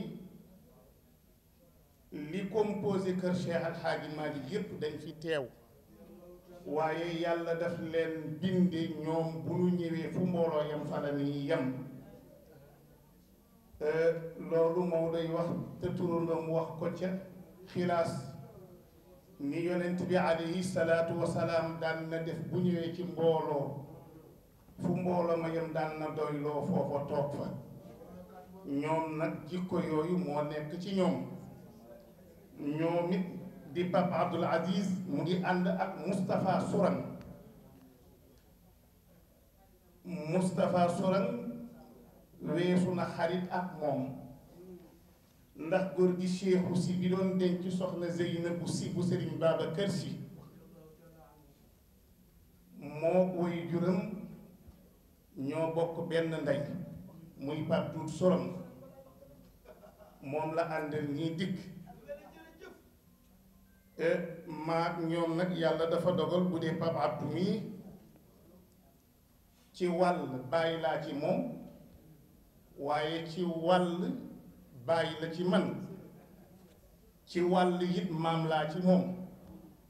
li composé kër Cheikh Al Hadji Malick yépp dañ fi teew waaye yàlla def leen binde ñoom bu ñu ñëwee fu mbooloo yam fa la ni yam euh, loolu moo day wax te turandoom wax ko ca xilaas ni yonent bi alayhi salaatu wasalaam daan na def bu ñëwee ci mbooloo fu mbooloo ma daan na doy loo foofa toog fa ñoom nag jikko yooyu moo nekk ci ñoom ñoom it di Pape Abdoul Aziz mu ngi ànd ak Moustapha Sourang Moustapha Sourang weesu na xarit ak moom ndax góor gi Cheikhou si bi doon denc soxna Zeynabu si bu Serigne Babacar si moo woy juram ñoo bokk benn ndey muy Pape Diouf Solom moom la àndal ñii dikk maak ñoom nag yàlla dafa dogal bu dee Pape Abdou mii ci wàll bàyyi laa ci moom waaye ci wàll bàyyi la ci man ci wàll it maam laa ci moom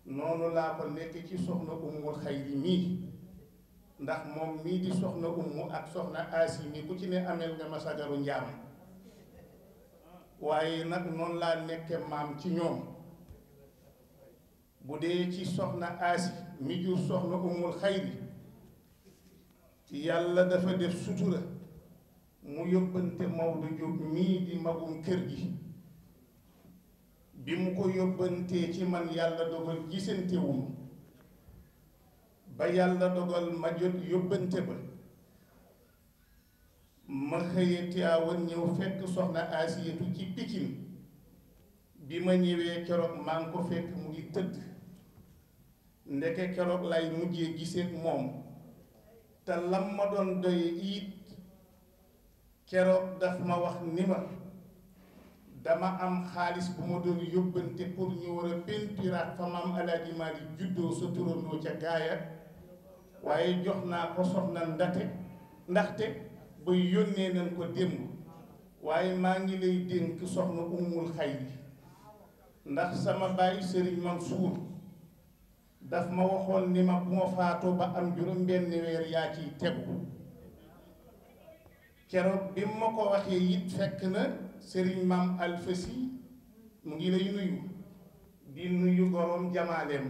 noonu laa ko nekk ci soxna umul xayri mii ndax moom mii di soxna ummu ak soxna aasi mi ku ci ne ameel nga ma sagaru njaam waaye nag noonu laa nekke maam ci ñoom bu dee ci soxna aasi mi jur soxna ummul xayri yàlla dafa def sutura mu yóbbante Maodo Diop mii di magum kër gi bi mu ko yóbbantee ci man yàlla dogal gisante wuñu ba yàlla dogal ma jot yóbbante ba ma xëye Tiwaawan ñëw fekk soxna Asiyatu ci Pikin bi ma ñëwee keroog maa ngi ko fekk mu ngi tëdd ndeke keroog lay mujjee giseek moom te lam ma doon doye it keroog daf ma wax ni ma dama am xaalis bu ma doon yóbbante pour ñu war a pentiraat fa maam Alaaji Maalik juddoo sa turandoo ca gaaya waaye jox naa ko soxna ndate ndaxte ba yónnee nañ ko démb waaye maa ngi lay dénk soxna ummul xayri ndax sama bàyyi sëriñ Mansuur daf ma waxoon ni ma bu ma faatoo ba am juróom benn weer yaa ciy tegu keroog bi ma ko waxee it fekk na sëriñ maam alfasi mu ngi lay nuyu di nuyu goroom jamaaleem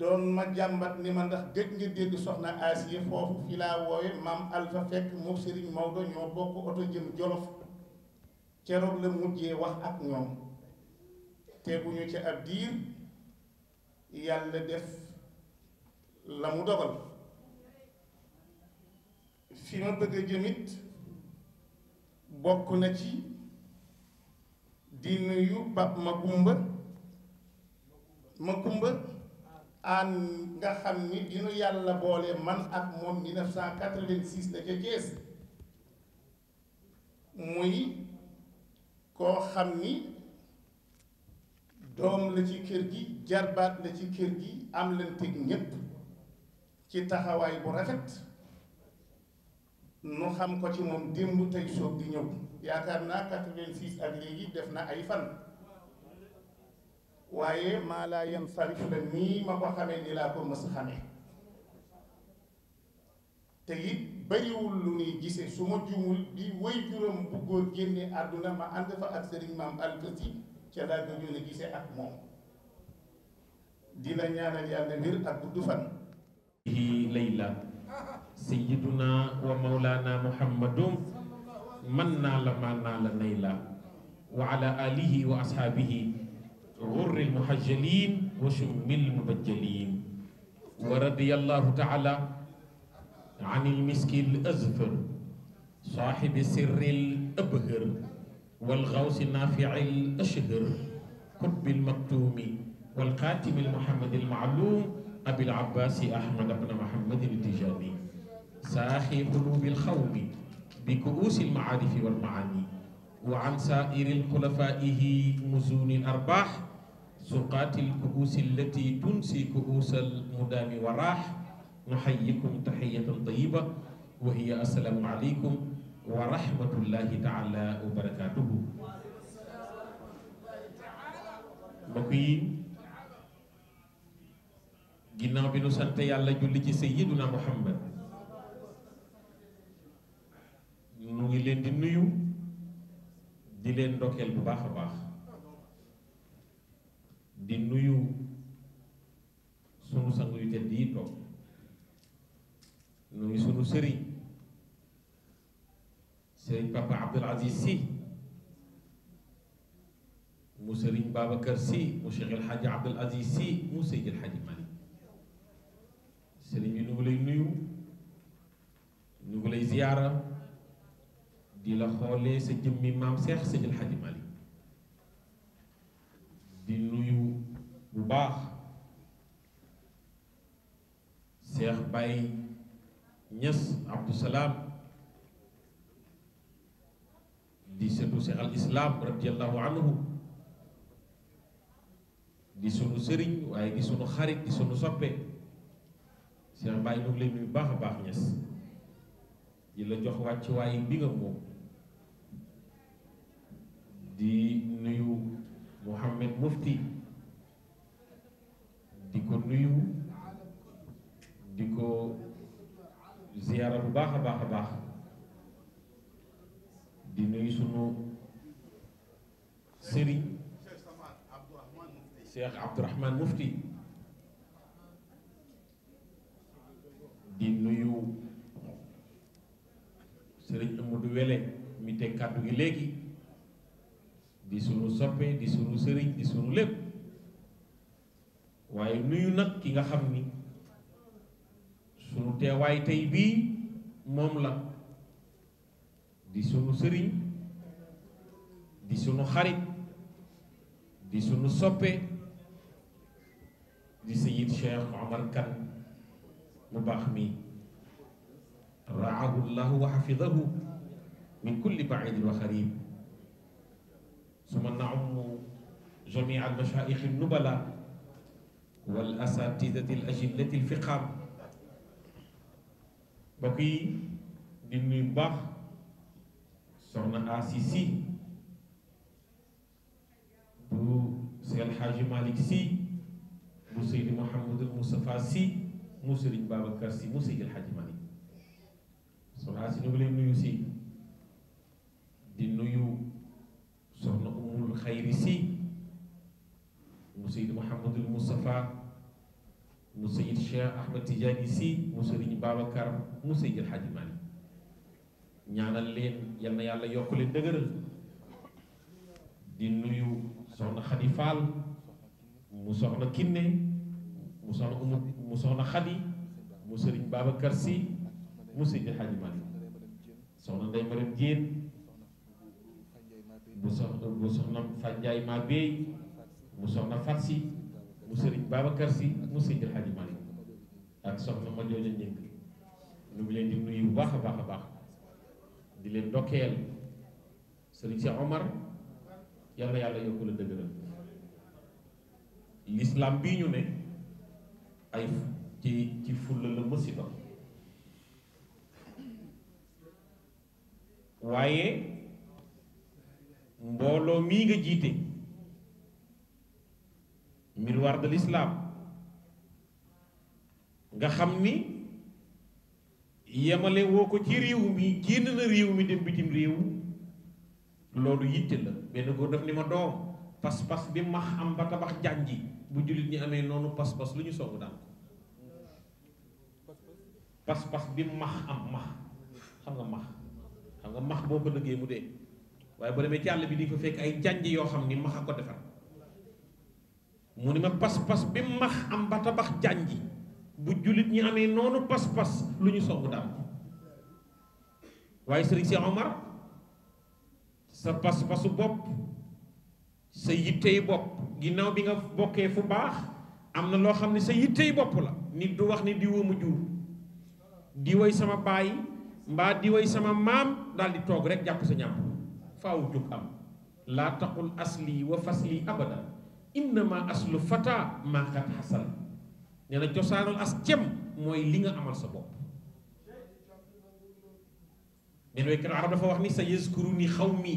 doon ma jàmbat ni ma ndax gëj nga dégg soxna Asiya foofu fi maam Alfa fekk moom Serigne Maodo ñoo bokk oto jëm Jolof ceroog la mujjee wax ak ñoom teguñu ci ab diir yàlla def la mu dogal fi ma bëgg jëmit bokk na ci di nuyu Pape Makumba Makumba aan nga xam ni di nu yàlla boole man ak moom 1986 la ca Thiès muy koo xam ni doom la ci kër gi jarbaat la ci kër gi am leen teg ñépp ci taxawaay bu rafet nu xam ko ci moom démb tey soog di ñëw yaakaar naa 86 ak léegi def na ay fan waaye maa laa yan sarif la nii ma ko xamee ni laa ko mës xamee te it bariwul lu nuy gisee su ma jumul bi way juróom bu góor génne àdduna ma ànd fa ak sëriñ maam alfasi ca laa gëjoon a gisee ak moom dina ñaanal yàlla wér ak gudd fan layla sayyiduna wa mawlana muhammadum man naa la man naa la nayla wa ala wa ashaabihi غر المحجلين وشم المبجلين ورضي الله تعالى عن المسك الأزفر صاحب سر الأبهر والغوث النافع الأشهر قطب المكتوم والقاتم المحمد المعلوم أبي العباس أحمد بن محمد التجاني ساخي قلوب الخوم بكؤوس المعارف والمعاني وعن سائر الخلفائه مزون الأرباح suqaatil kuusi allati tunsi kuusal mudaami wa raax nuxayikum taxiyatan tayiba wa hiya assalaamu aleykum wa rahmatullahi taala wa barakaatuhu mbokk yi ginnaaw bi nu sant yàlla julli ci sayyiduna muhammad nu ngi leen di nuyu di leen ndokkeel bu baax a baax di nuyu sunu sang yu tedd yi toog nuyu sunu sëriñ sëriñ papa Abdul si mu sëriñ Babacar si mu Cheikh El Hadj si mu Seydi El Hadj nu ngi nuyu nu ziyaara di la xoolee sa jëmmi maam Cheikh Seydi El Hadj Malick di nuyu bu baax Seex Baay Ñas Abdou di sëtu Seex al Islaam radiallahu anhu di sunu sëriñ waaye di sunu xarit di sunu soppe Seex Baay ñu lay nuyu baax a baax Ñas di la jox wàcc waaye bi nga moom di nuyu Mouhamed Mufti di ko nuyu di ko ziyaara bu baax a baax a baax di nuyu sunu sëriñ Cheikh Abdourahman Mufti di nuyu sëriñ Amadou Wele mi gi léegi di sunu soppe di sunu sëriñ di sunu lépp waaye nuyu nag ki nga xam ni sunu teewaay tey bii moom la di sunu sëriñ di sunu xarit di sunu soppe di sayid Cheikh Omar kan mu baax mi raahu llahu wa xafidahu min kulli baidin wa xarib suma naumu jamia almashaayixi nubala wal asatidati al ajillati al fiqaam mbokk yi di nuyu bu baax soxna Asi si bu Seydi Xaaji Malick si bu Seydi Mouhamadul Moustapha si mu Sëriñ Babacar si mu Seydi Xaaji Malick soxna Asi ñu ngi leen nuyu si di nuyu soxna abdul xayri si mu sayid mouhamadul moustapha mu sayid cheikh ahmad tijaani si mu sëriñ babacar mu sayid alxaaji maalik ñaanal leen yal na yàlla yokk leen dëgëral di nuyu soxna xadi faal mu soxna kinne mu soxna umu mu soxna xadi mu sëriñ babacar si mu sayid alxaaji maalik soxna nday maram jéen mu soxna mu soxna Fànjaay maa béy mu soxna Fat Si mu sëriñ Babacar Si mu sëriñ Alxaaji Malik ak soxna ma jooja njëkk ñu ngi leen di nuyu bu baax a baax a baax di leen ndokkeel sëriñ si Omar yàlla yàlla yokk la dëgëral lislaam bii ñu ne ay ci ci fulla la mësi dox waaye mbooloo mii nga jiite miroir de l'islam nga xam ni yemale woo ko ci réew mi génn na réew mi dem bitim réew loolu yitte la benn góor daf ni ma doom pas-pas bi max am ba tabax jànji bu jullit ñi noonu pas-pas lu ñu song daan bi max xam nga max xam nga max boo ko lëggee mu dee waaye boo demee ci bi di fa fekk ay janj yoo xam ni max a ko defar mu ni ma pas-pas bi max am ba tabax janj bu jullit ñi amee noonu pas-pas lu ñu song daal waaye sëriñ Cheikh Omar sa pas-pasu bopp sa yittey bopp ginnaaw bi nga bokkee fu baax am na loo xam ne sa yittey bopp la nit du wax ni di woo mu jur di sama baay mbaa di way sama maam dal di toog rek jàpp sa ñàpp faw jug am laa taqul asli wa fasli abada innama aslu fata maa qad xasal nee na cosaanul as cem mooy li nga amal sa bopp benn waykat arab dafa wax ni sa yazkuruni xawmi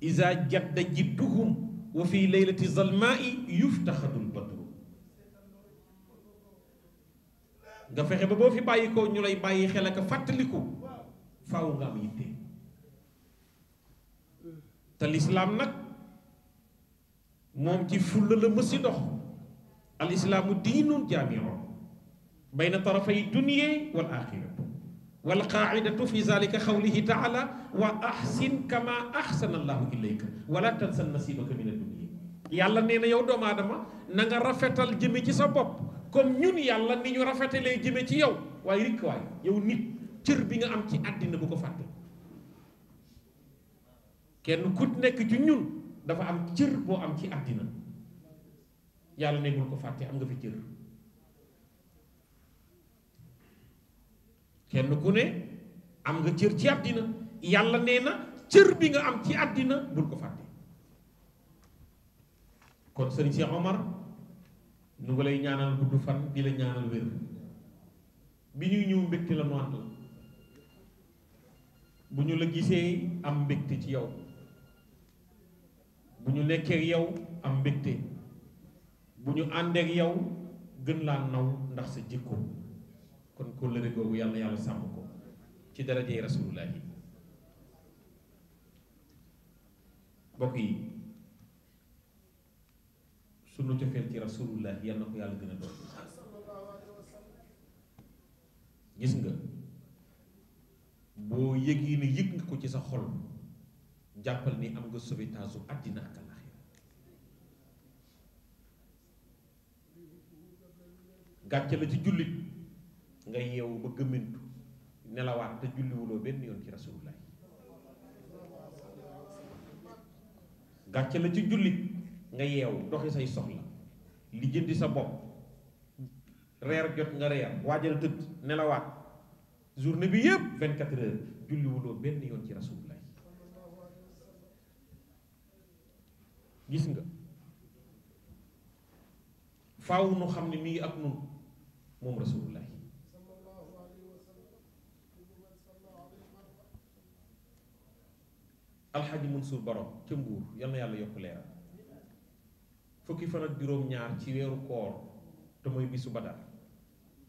iza jadda jidduhum wa fi laylati zalmaai yuftaxadul badru nga fexe ba boo fi bàyyikoo ñu lay bàyyi xel ak fàttaliku faaw nga am yitte te lislaam nag moom ci fulla la mësi dox al islaamu diinun jaamiun bayna tarafay dunyee wal wal qaaidatu fi zalika xawlihi taala wa axsin kama axsana allahu ilayka wala tansa nasibaka min addunya yàlla nee na yow doomu aadama nanga rafetal jëme ci sa bopp kon ñun yàlla ni ñu rafetalee jëme ci yow waaye rikk waay nit cër bi nga am ci àddina bu ko fàtte kenn ku nekk ci ñun dafa am cër boo am ci àddina yàlla ne bul am nga fi kenn ku ne am nga cër ci àddina yàlla nee na cër bi nga am ci àddina bul ko fàtte kon sëriñ Cheikh Omar nu nga lay ñaanal gudd fan di la ñaanal wér bi ñuy ñëw mbégte la nu bu ñu la gisee am mbégte ci yow bu ñu nekkee yow am mbégte bu ñu àndeek yow gën laa naw ndax sa jikko kon kóllëre googu yàlla yàlla sàmm ko ci darajey rasulullah yi mbokk yi sunu ci rasulullah yal ko yàlla gën a doon gis nga boo yëg yi ne yëg nga ko ci sa xol jàppal ni am nga sauvetage su àddina ak alaxira gàcce la ci jullit nga yeewu ba gëmmentu nelawaat te julliwuloo benn yoon ci rasulullah gàcce la ci jullit nga yeewu doxi say soxla li jëndi sa bopp reer jot nga reer waajal tëdd nelawaat journée bi yëpp vingt-quatre julliwuloo benn yoon ci rasulullah gis nga faaw nu xam ne mi ngi ak nun moom rasulullah alxaaji Mansour Borom ca Mbuur yal yàlla yokk leeral fukki fan ak ñaar ci weeru koor te mooy bisu Badar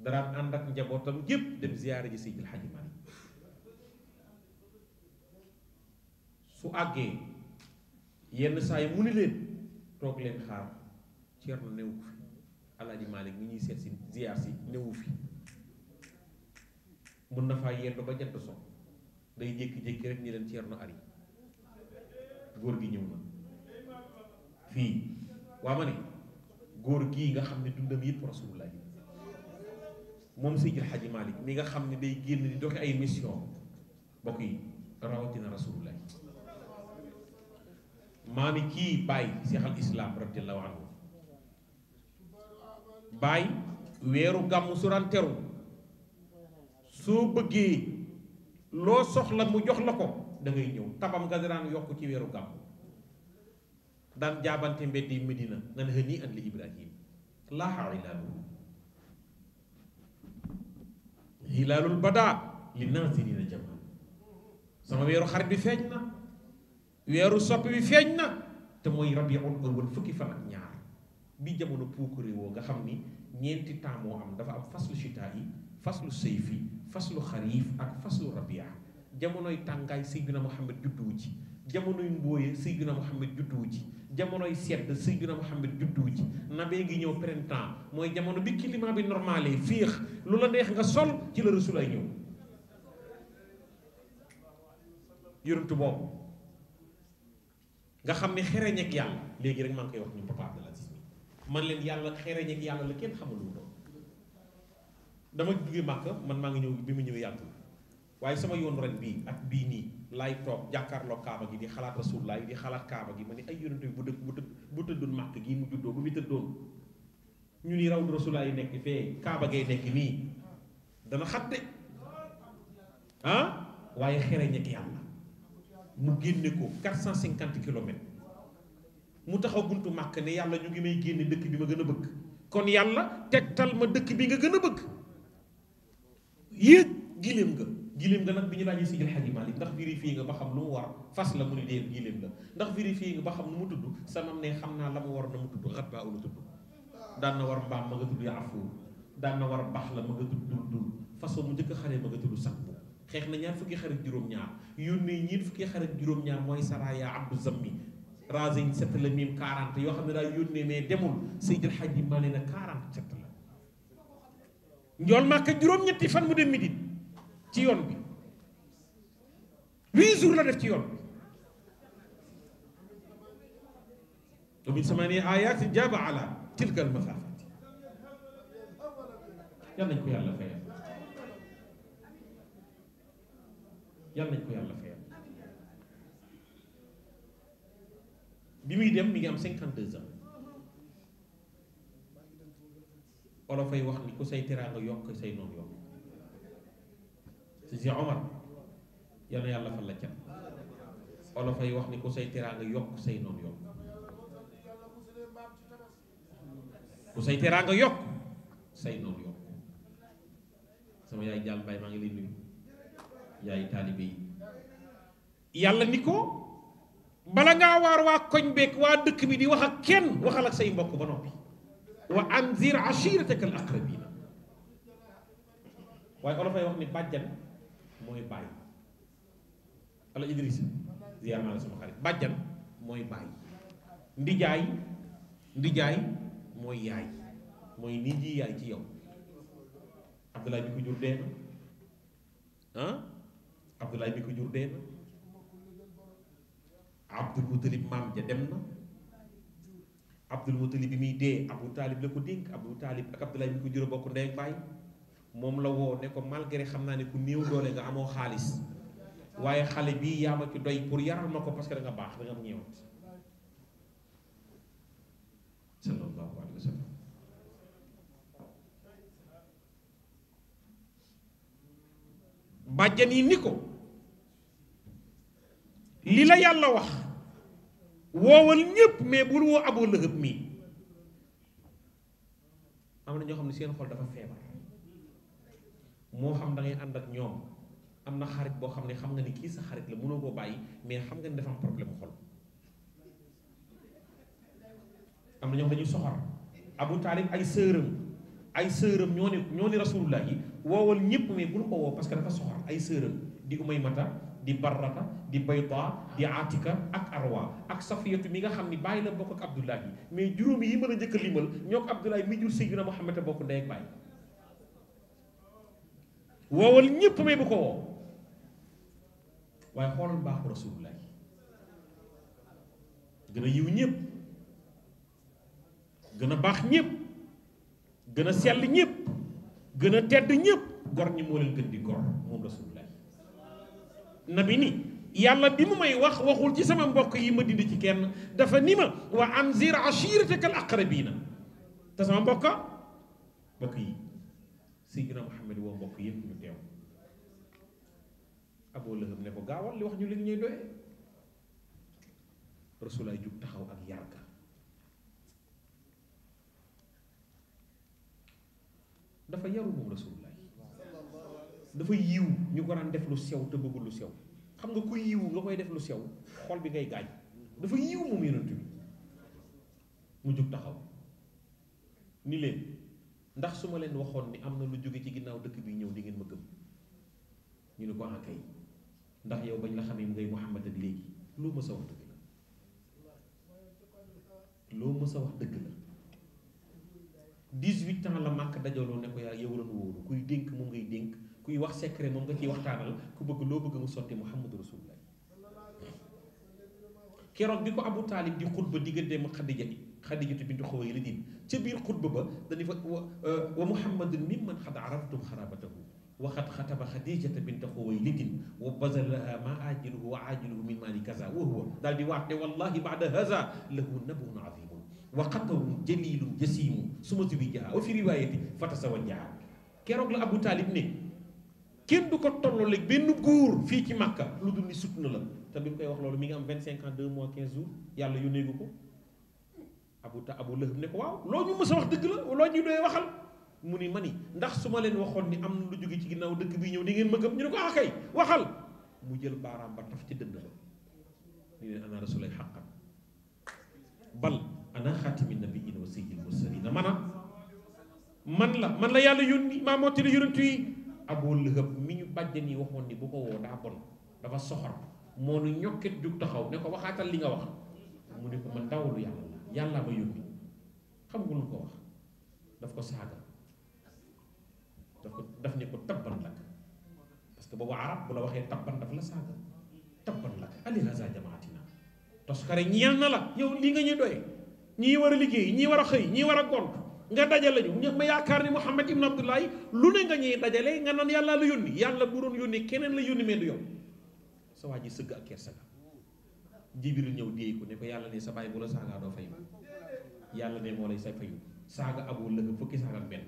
daraan ànd ak njabootam gépp dem ziyaare ji Seydil Xaaji Maalik su àggee yenn saa yi mu ni leen toog leen xaar Ceerno newu fi Alaaji Maalik mi ñuy seet si ziyaar si newu fi mun na faa yendu ba jant so day jékki-jékki rek ñi leen Ceerno ari góor gi ñëw na fii waa ma ne góor gii nga xam ne dundam yëpp rasulullah yi moom Seydil Hadji Malick mi nga xam ne day génn di doxi ay mission bokk yi rawatina rasulullah maami kii baay Seex al Islaam radiyallaahu anhu baay weeru gàmmu su ranteru soo bëggee loo soxla mu jox la ko da ñëw tabam nga yokk ci weeru gàmmu daan jaabante mbedd yi Medina nan hëni an li Ibrahim laaxaa hilaalu hilaalul badaa li naasirina jamal sama weeru xarit bi feeñ na weeru soppi bi feeñ na te mooy rabiul awwal fukki fan ñaar bi jamono puukare nga xam ni ñeenti temps moo am dafa am faslu chitaa yi faslu fas faslu xariif ak faslu rabia jamonoy tàngaay Seydina Muhammad judduwu ci jamonoy mbóoye Seydina Muhammad judduwu ci jamonoy sedd Seydina Muhammad judduwu ci nabee ngi ñëw printemps mooy jamono bi climat bi normalé fiix lu la neex nga sol ci la rasul ay ñëw yërëmtu boobu nga xam ne xereñ ak yàlla léegi rek maa ngi koy wax ñu papa Abdou Aziz mi man leen yàlla xereñ ak yàlla la kenn xamaluma doon dama jóge màkk man maa ngi ñëw bi mu ñëw yàggul waaye sama yoon rek bii ak bii nii laay toog jàkkaarloo kaaba gi di xalaat rasulullah di xalaat kaaba gi ma ne ay yonente bu dëkk bu dëkk bu tëddoon màkk gii mu juddoo bu mu tëddoon ñu ni raw rasulullah yi nekk fee kaaba gay nekk nii dana xatte ah waaye xereñ ak yàlla mu génne ko cent cinquante kilomètres mu taxaw buntu màkk ne yàlla ñu ngi may génne dëkk bi ma gën a bëgg kon yàlla teg tegtal ma dëkk bi nga gën a bëgg yéeg giléem nga giléem nga nag bi ñu laajee si jël Xaji Maalik ndax vérifié nga ba xam lu mu war fas la mu ni dee giléem la ndax vérifié nga ba xam nu mu tudd sa mam ne xam naa la mu war na mu tudd xat baa ulu tudd daan na war mbaam ma nga tudd yaafuur daan na war baax la ma a tudd dul dul façon mu njëkk xale ma nga tudd sax xeex na ñaar fukki xarit juróom-ñaar yónnee ñiit fukki xarit juróom-ñaar mooy Saraya Abdou Zammi rasin set la miim 40 yoo xam ne daal yónnee mais demul Seydil Hadji Malick na 40 set la njool Màkka juróom-ñetti fan mu dem Médine ci yoon bi huit jours la def ci yoon bi domin samani ayatin jaaba ala ko yàlla fayal yàlla nañ ko yàlla fayal bi muy dem mi ngi am cinquante deux ans olo fay wax ni ku say teraanga yokk say noonu yokk yàlla fan la cat olo wax ni ku say teraanga yokk say noonu yokk ku say teraanga noonu yokk sama yaay jàll baay maa ngi lay nuyu yaay taalibe yàlla ni ko bala ngaa waar waa koñ beeg waa dëkk bi di wax ak kenn waxal ak say mbokk ba noppi wa anzir ashirataka al aqrabina waaye olofay wax ni bàjjan mooy bàyyi ala idris ziyaar la sama xarit bàjjan mooy bàyyi ndijaay ndijaay mooy yaay mooy nii ji yaay ci yow abdoulaye bi jur dee na Abdoulaye bi ko jur dee na Abdul maam ja dem na Abdul bi muy dee Abu Taalib la ko dénk Abu Taalib ak Abdoulaye bi ko jur bokk ndey ak baay moom la woo ne ko malgré xam naa ne ku néew doole nga amoo xaalis waaye xale bii yaa ma ci doy pour yaral ma ko parce que da baax da nga am ñeewat bàjjan yi ni ko li la yàlla wax woowal ñépp mais bul woo aboo lëhëb mii am na ñoo xam ne seen xol dafa feebar moo xam da ngay ànd ak ñoom am na xarit boo xam ne xam nga ni kii sa xarit la mënoo koo bàyyi mais xam nga ni dafa am problème xol am na ñoom dañuy soxor Abu Taalib ay sëram ay sëram ñoo ne ñoo ne rasulullah yi woowal ñépp mais bul ko woo parce que dafa soxor ay sëram di umay mata di barrata di bayda di atika ak arwa ak safiyatu mi nga xam ni bàyyi la bokk ak abdullahi mais juróomi yi mën a njëkk a limal ñoo ko abdullahi mi jur sayyidina muhammad a bokk ndey ak bàyyi woowal ñépp may bu ko woo waaye xoolal baaxu rasulullah gën a yiw ñépp gën a baax ñépp gën a sell ñépp gën a tedd ñépp gor ñi moo leen gën di gor moom rasulullah nabi ni yàlla bi mu may wax waxul ci sama mbokk yi ma dindi ci kenn dafa ni ma wa anzir ashiratak al aqrabina te sama mbokk mbokk yi sayyidina Muhammad woo mbokk yëpp ñu teew Abu Lahab ne ko gaawal li wax ñu li ñuy doye rasulaay jug taxaw ak yarga dafa yaru moom rasul dafa yiw ñu ko daan def lu sew te bëggul lu sew xam nga ko yiw nga koy def lu sew xol bi ngay gaañ dafa yiw moom yonent bi mu jóg taxaw ni leen ndax su ma leen waxoon ni am na lu jóge ci ginnaaw dëkk bi ñëw di ngeen ma gëm ñu ne ko ah kay ndax yow bañ la xamee ngay Muhammad ak léegi loo mës a wax dëgg la loo mës a wax dëgg la dix-huit ans la màkk dajaloo ne ko yaa yow la nu kuy dénk moom ngay dénk kuy wax secret moom nga ciy waxtaanal ku bëgg loo bëgg mu sotti muhammadu rasulullah keroog bi ko abu taalib di xutba diggante ma xadija xadijatu bintu ca biir xutba ba dañu fa wa euh, muhammadun mimman xad araftum xarabatahu waxat xataba xadijata binta xuwaylidin wa bazal laha ma ajiluhu wa ajiluhu min maali kaza wa huwa daal di waat ne wallahi baada haza lahu nabun azimun wa xatawun jalilun jasimu suma sibi jaha wa fi riwayati fatasawajjaha keroog la abu taalib kenn du ko tolloo benn góor fii ci màkka lu dul ni sut na la te bi mu koy wax loolu mi ngi am vingt cinq ans deux mois quinze jours yàlla yónnee ko abu ta abu lahab ne ko waaw loo ñu mës wax dëgg la loo ñu doy waxal mu ni ma ni ndax su ma leen waxoon ni am na lu jóge ci ginnaaw dëkk bi ñëw di ngeen ma gëm ñu ne ko ah kay waxal mu jël baaraam ba taf ci dënd ba ñu leen ana rasulay xaqan bal ana xaatimi nabiyin wa sayyidil mursalin man la man la yàlla yónni maa Abu Lahab mi ñu bàjjen yi waxoon ni bu ko woo daa bon dafa soxor moo nu ñokkit jug taxaw ne ko waxaatal li nga wax mu ne ko man ndawalu yàlla la yàlla ma yóbbi xam nga lu ko wax daf ko saaga daf ko daf ne ko tabban lak parce que boobu arab bu la waxee tabban daf la saaga tabban lak alihaza jamaatina toskare ñeel na la yow li nga ñu doy ñii war a liggéey ñii war a xëy ñii war a gont nga dajale ñu ña ma yaakaar ni Muhammad ibn Abdullahi lu ne nga ñuy dajale nga naan yàlla la yónni yàlla bu doon yónni keneen la yónni mais du yow sa waa ji sëgg ak kersa ga Jibril ñëw déey ko ne ko yàlla ne sa baay bu la saagaa doo fayu yàlla ne moo lay sa fayu saaga Abu Lahab fukki saaga benn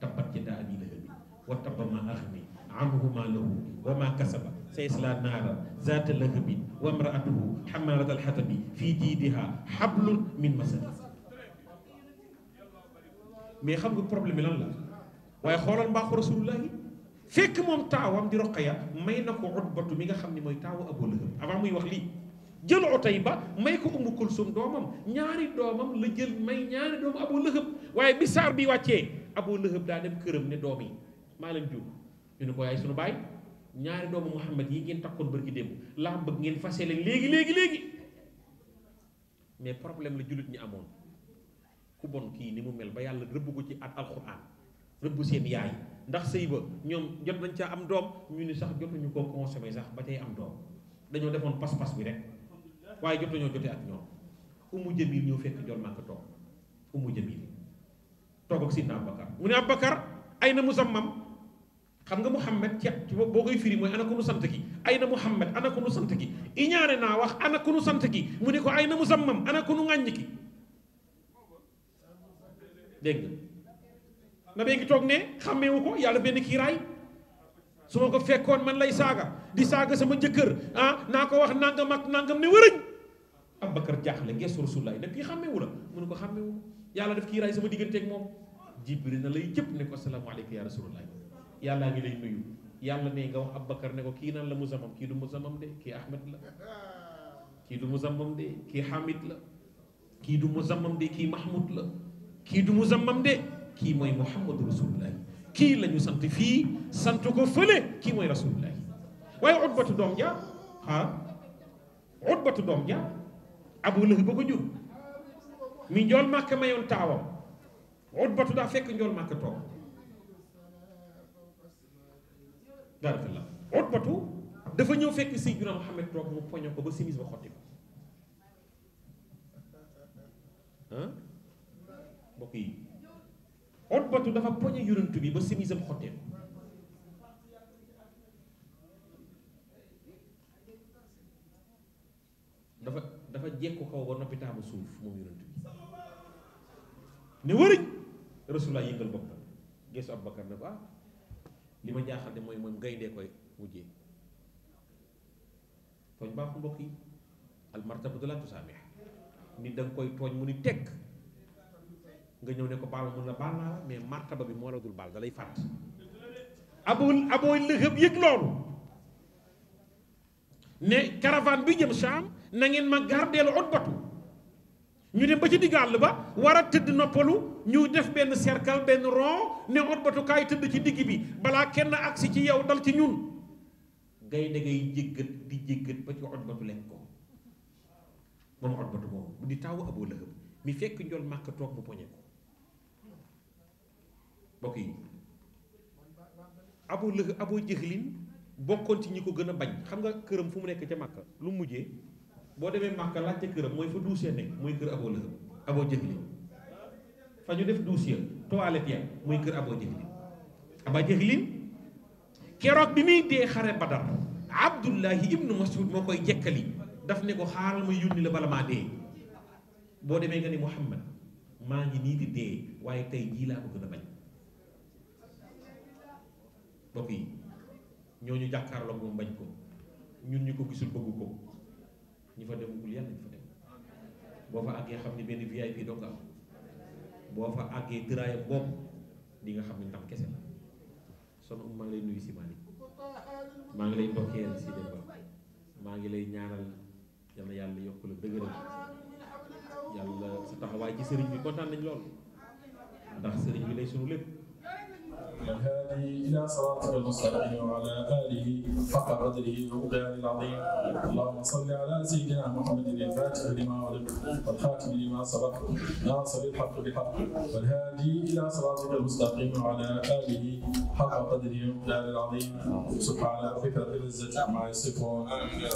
tabbat yadaa abii lahabin ma tabba maa aghnaa anhu maaluhu wa maa kasaba sayaslaa naaran zaata lahabin wa imra'atuhu hammaalatal hatabi fii jiidihaa hablun min mais xam nga problème bi lan la waaye xoolal mbaaxu rasulullahi fekk moom taawam di roqaya may na ko utbatu mi nga xam ne mooy taawu abu lahab avant muy wax lii jël ba may ko umu kulsum doomam ñaari doomam la jël may ñaari doomu abu lahab waaye bi bi wàccee abu lahab daa dem këram ne doom yi maa leen jur ñu ne ko yaay sunu baay ñaari doomu muhammad yi ngeen takkoon bërgi démb laa bëgg ngeen fase leen léegi léegi léegi mais problème la jullit ñi amoon ku bon kii ni mu mel ba yàlla rëbb ko ci at alxuraan rëbb seen yaay ndax sëy ñoom jot nañ ca am doom ñu ni sax jotuñu ko consommé sax ba tey am doom dañoo defoon pas-pas bi rek waaye jot nañoo jote ak ñoom umu jamil fekk jol mànk toog umu jamil toog ak sidna Abubakar mu ne Abubakar ay na musammam xam nga Muhammad ceeb ci boo koy firi mooy ana ko nu sant ki ay na Muhammad ana ko nu sant ki iñaane naa wax ana ko nu sant ki mu ne ko ay na musammam ana ko nu ŋàññ ki dégg nga nabee ngi toog ne xàmmeewu ko yàlla benn kiiraay su ma ko fekkoon man lay saaga di saaga sama jëkkër ah naa ko wax nangam ak nangam ne wërëñ Abubakar jaaxle geesu Rasulullaay ne kii xàmmeewu la mu ne ko xàmmeewu yàlla def kiiraay sama digganteeg moom Jibril na lay jëpp ne ko asalaamaaleykum ya Rasulullaay yàllaa ngi lay nuyu yàlla ne nga wax Abubakar ne ko kii nan la musamam kii du musamam de kii Ahmed la kii du musamam de kii Hamid la kii du musamam de kii Mahmoud la kii du muzammam de kii mooy muhammadu rasulullahi kii la sant fii sant ko fële kii mooy rasulullahi waaye utbatu doom ja xaar utbatu doom ja abu lahab ba ko jur mi njool màkk mayoon taawam utbatu daa fekk njool màkk toog barakallah utbatu ñëw fekk sayyidina Muhammad toog mu poño ko ba simis ba xotti ko mbokk yi Utbatu dafa poñe yonent bi ba simisam xotteeku dafa dafa jekku kaw ba noppi taamu suuf moom yonent bi ne wëriñ Rasulullah yëngal boppam geesu Abubakar ne ko ah li ma jaaxal de mooy moom gayndee koy mujjee tooñ baaxul mbokk yi almartabatu la tusaamih nit da koy tooñ mu ni tekk nga ñëw ne ko baal mun la baal naa la mais martaba bi moo la dul baal da lay fàtt abul yëg loolu ne caravane bi jëm Saam na ngeen ma gardeel Utbatu ñu dem ba ba war a tëdd noppalu ñu def benn cercle benn rond ne Utbatu tëdd ci digg bi balaa kenn agsi ci yow dal ci ñun gaynde ngay jéggat di jéggat ba ci Utbatu lekk ko moom Utbatu moom di taw aboo lëxëb mi fekk njool màkk toog mu poñe ko bokk yi abu lëx abu jëxlin bokkoon ci ñi ko gën a bañ xam nga këram fu mu nekk ca makka lu mu mujjee boo demee màkka laajte këram mooy fa duusee nekk mooy kër aboo lëx jëxlin fa ñu def duusee toilette ya mooy kër aboo jëxlin abu jëxlin keroog bi muy dee xare badar abdullahi ibnu masud moo koy jekkali daf ne ko xaaral muy yónni la bala maa dee boo demee nga ni muhammad maa ngi nii di dee waaye tey jii laa ko gën a bañ mbokk yi ñooñu jàkkaarloo moom bañ ko ñun ñu ko gisul bëggu ko ñu fa demagul yàlla ñu fa dem boo fa àggee xam ne benn VIP doo nga am boo fa àggee tëraayam boobu di nga xam ne ndam kese la son um maa ngi lay nuyu si Malick maa ngi lay ndokkeel si dem maa ngi lay ñaanal yàlla yàlla yokk la dëgëral yàlla sa taxawaay ci sëriñ bi kontaan nañ lool ndax sëriñ bi lay sunu lépp والهادي إلى صراطك المستقيم وعلى آله حق قدره ومقداره العظيم اللهم صل على سيدنا محمد الفاتح لما ولد والخاتم لما سبق ناصر الحق بالحق والهادي إلى صراطك المستقيم وعلى آله حق قدره ومقداره العظيم سبحان ربك رب العزة عما يصفون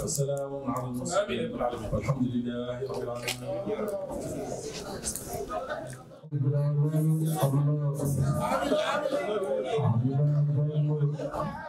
وسلام على المرسلين والحمد لله رب العالمين Amin. Amin. Amin.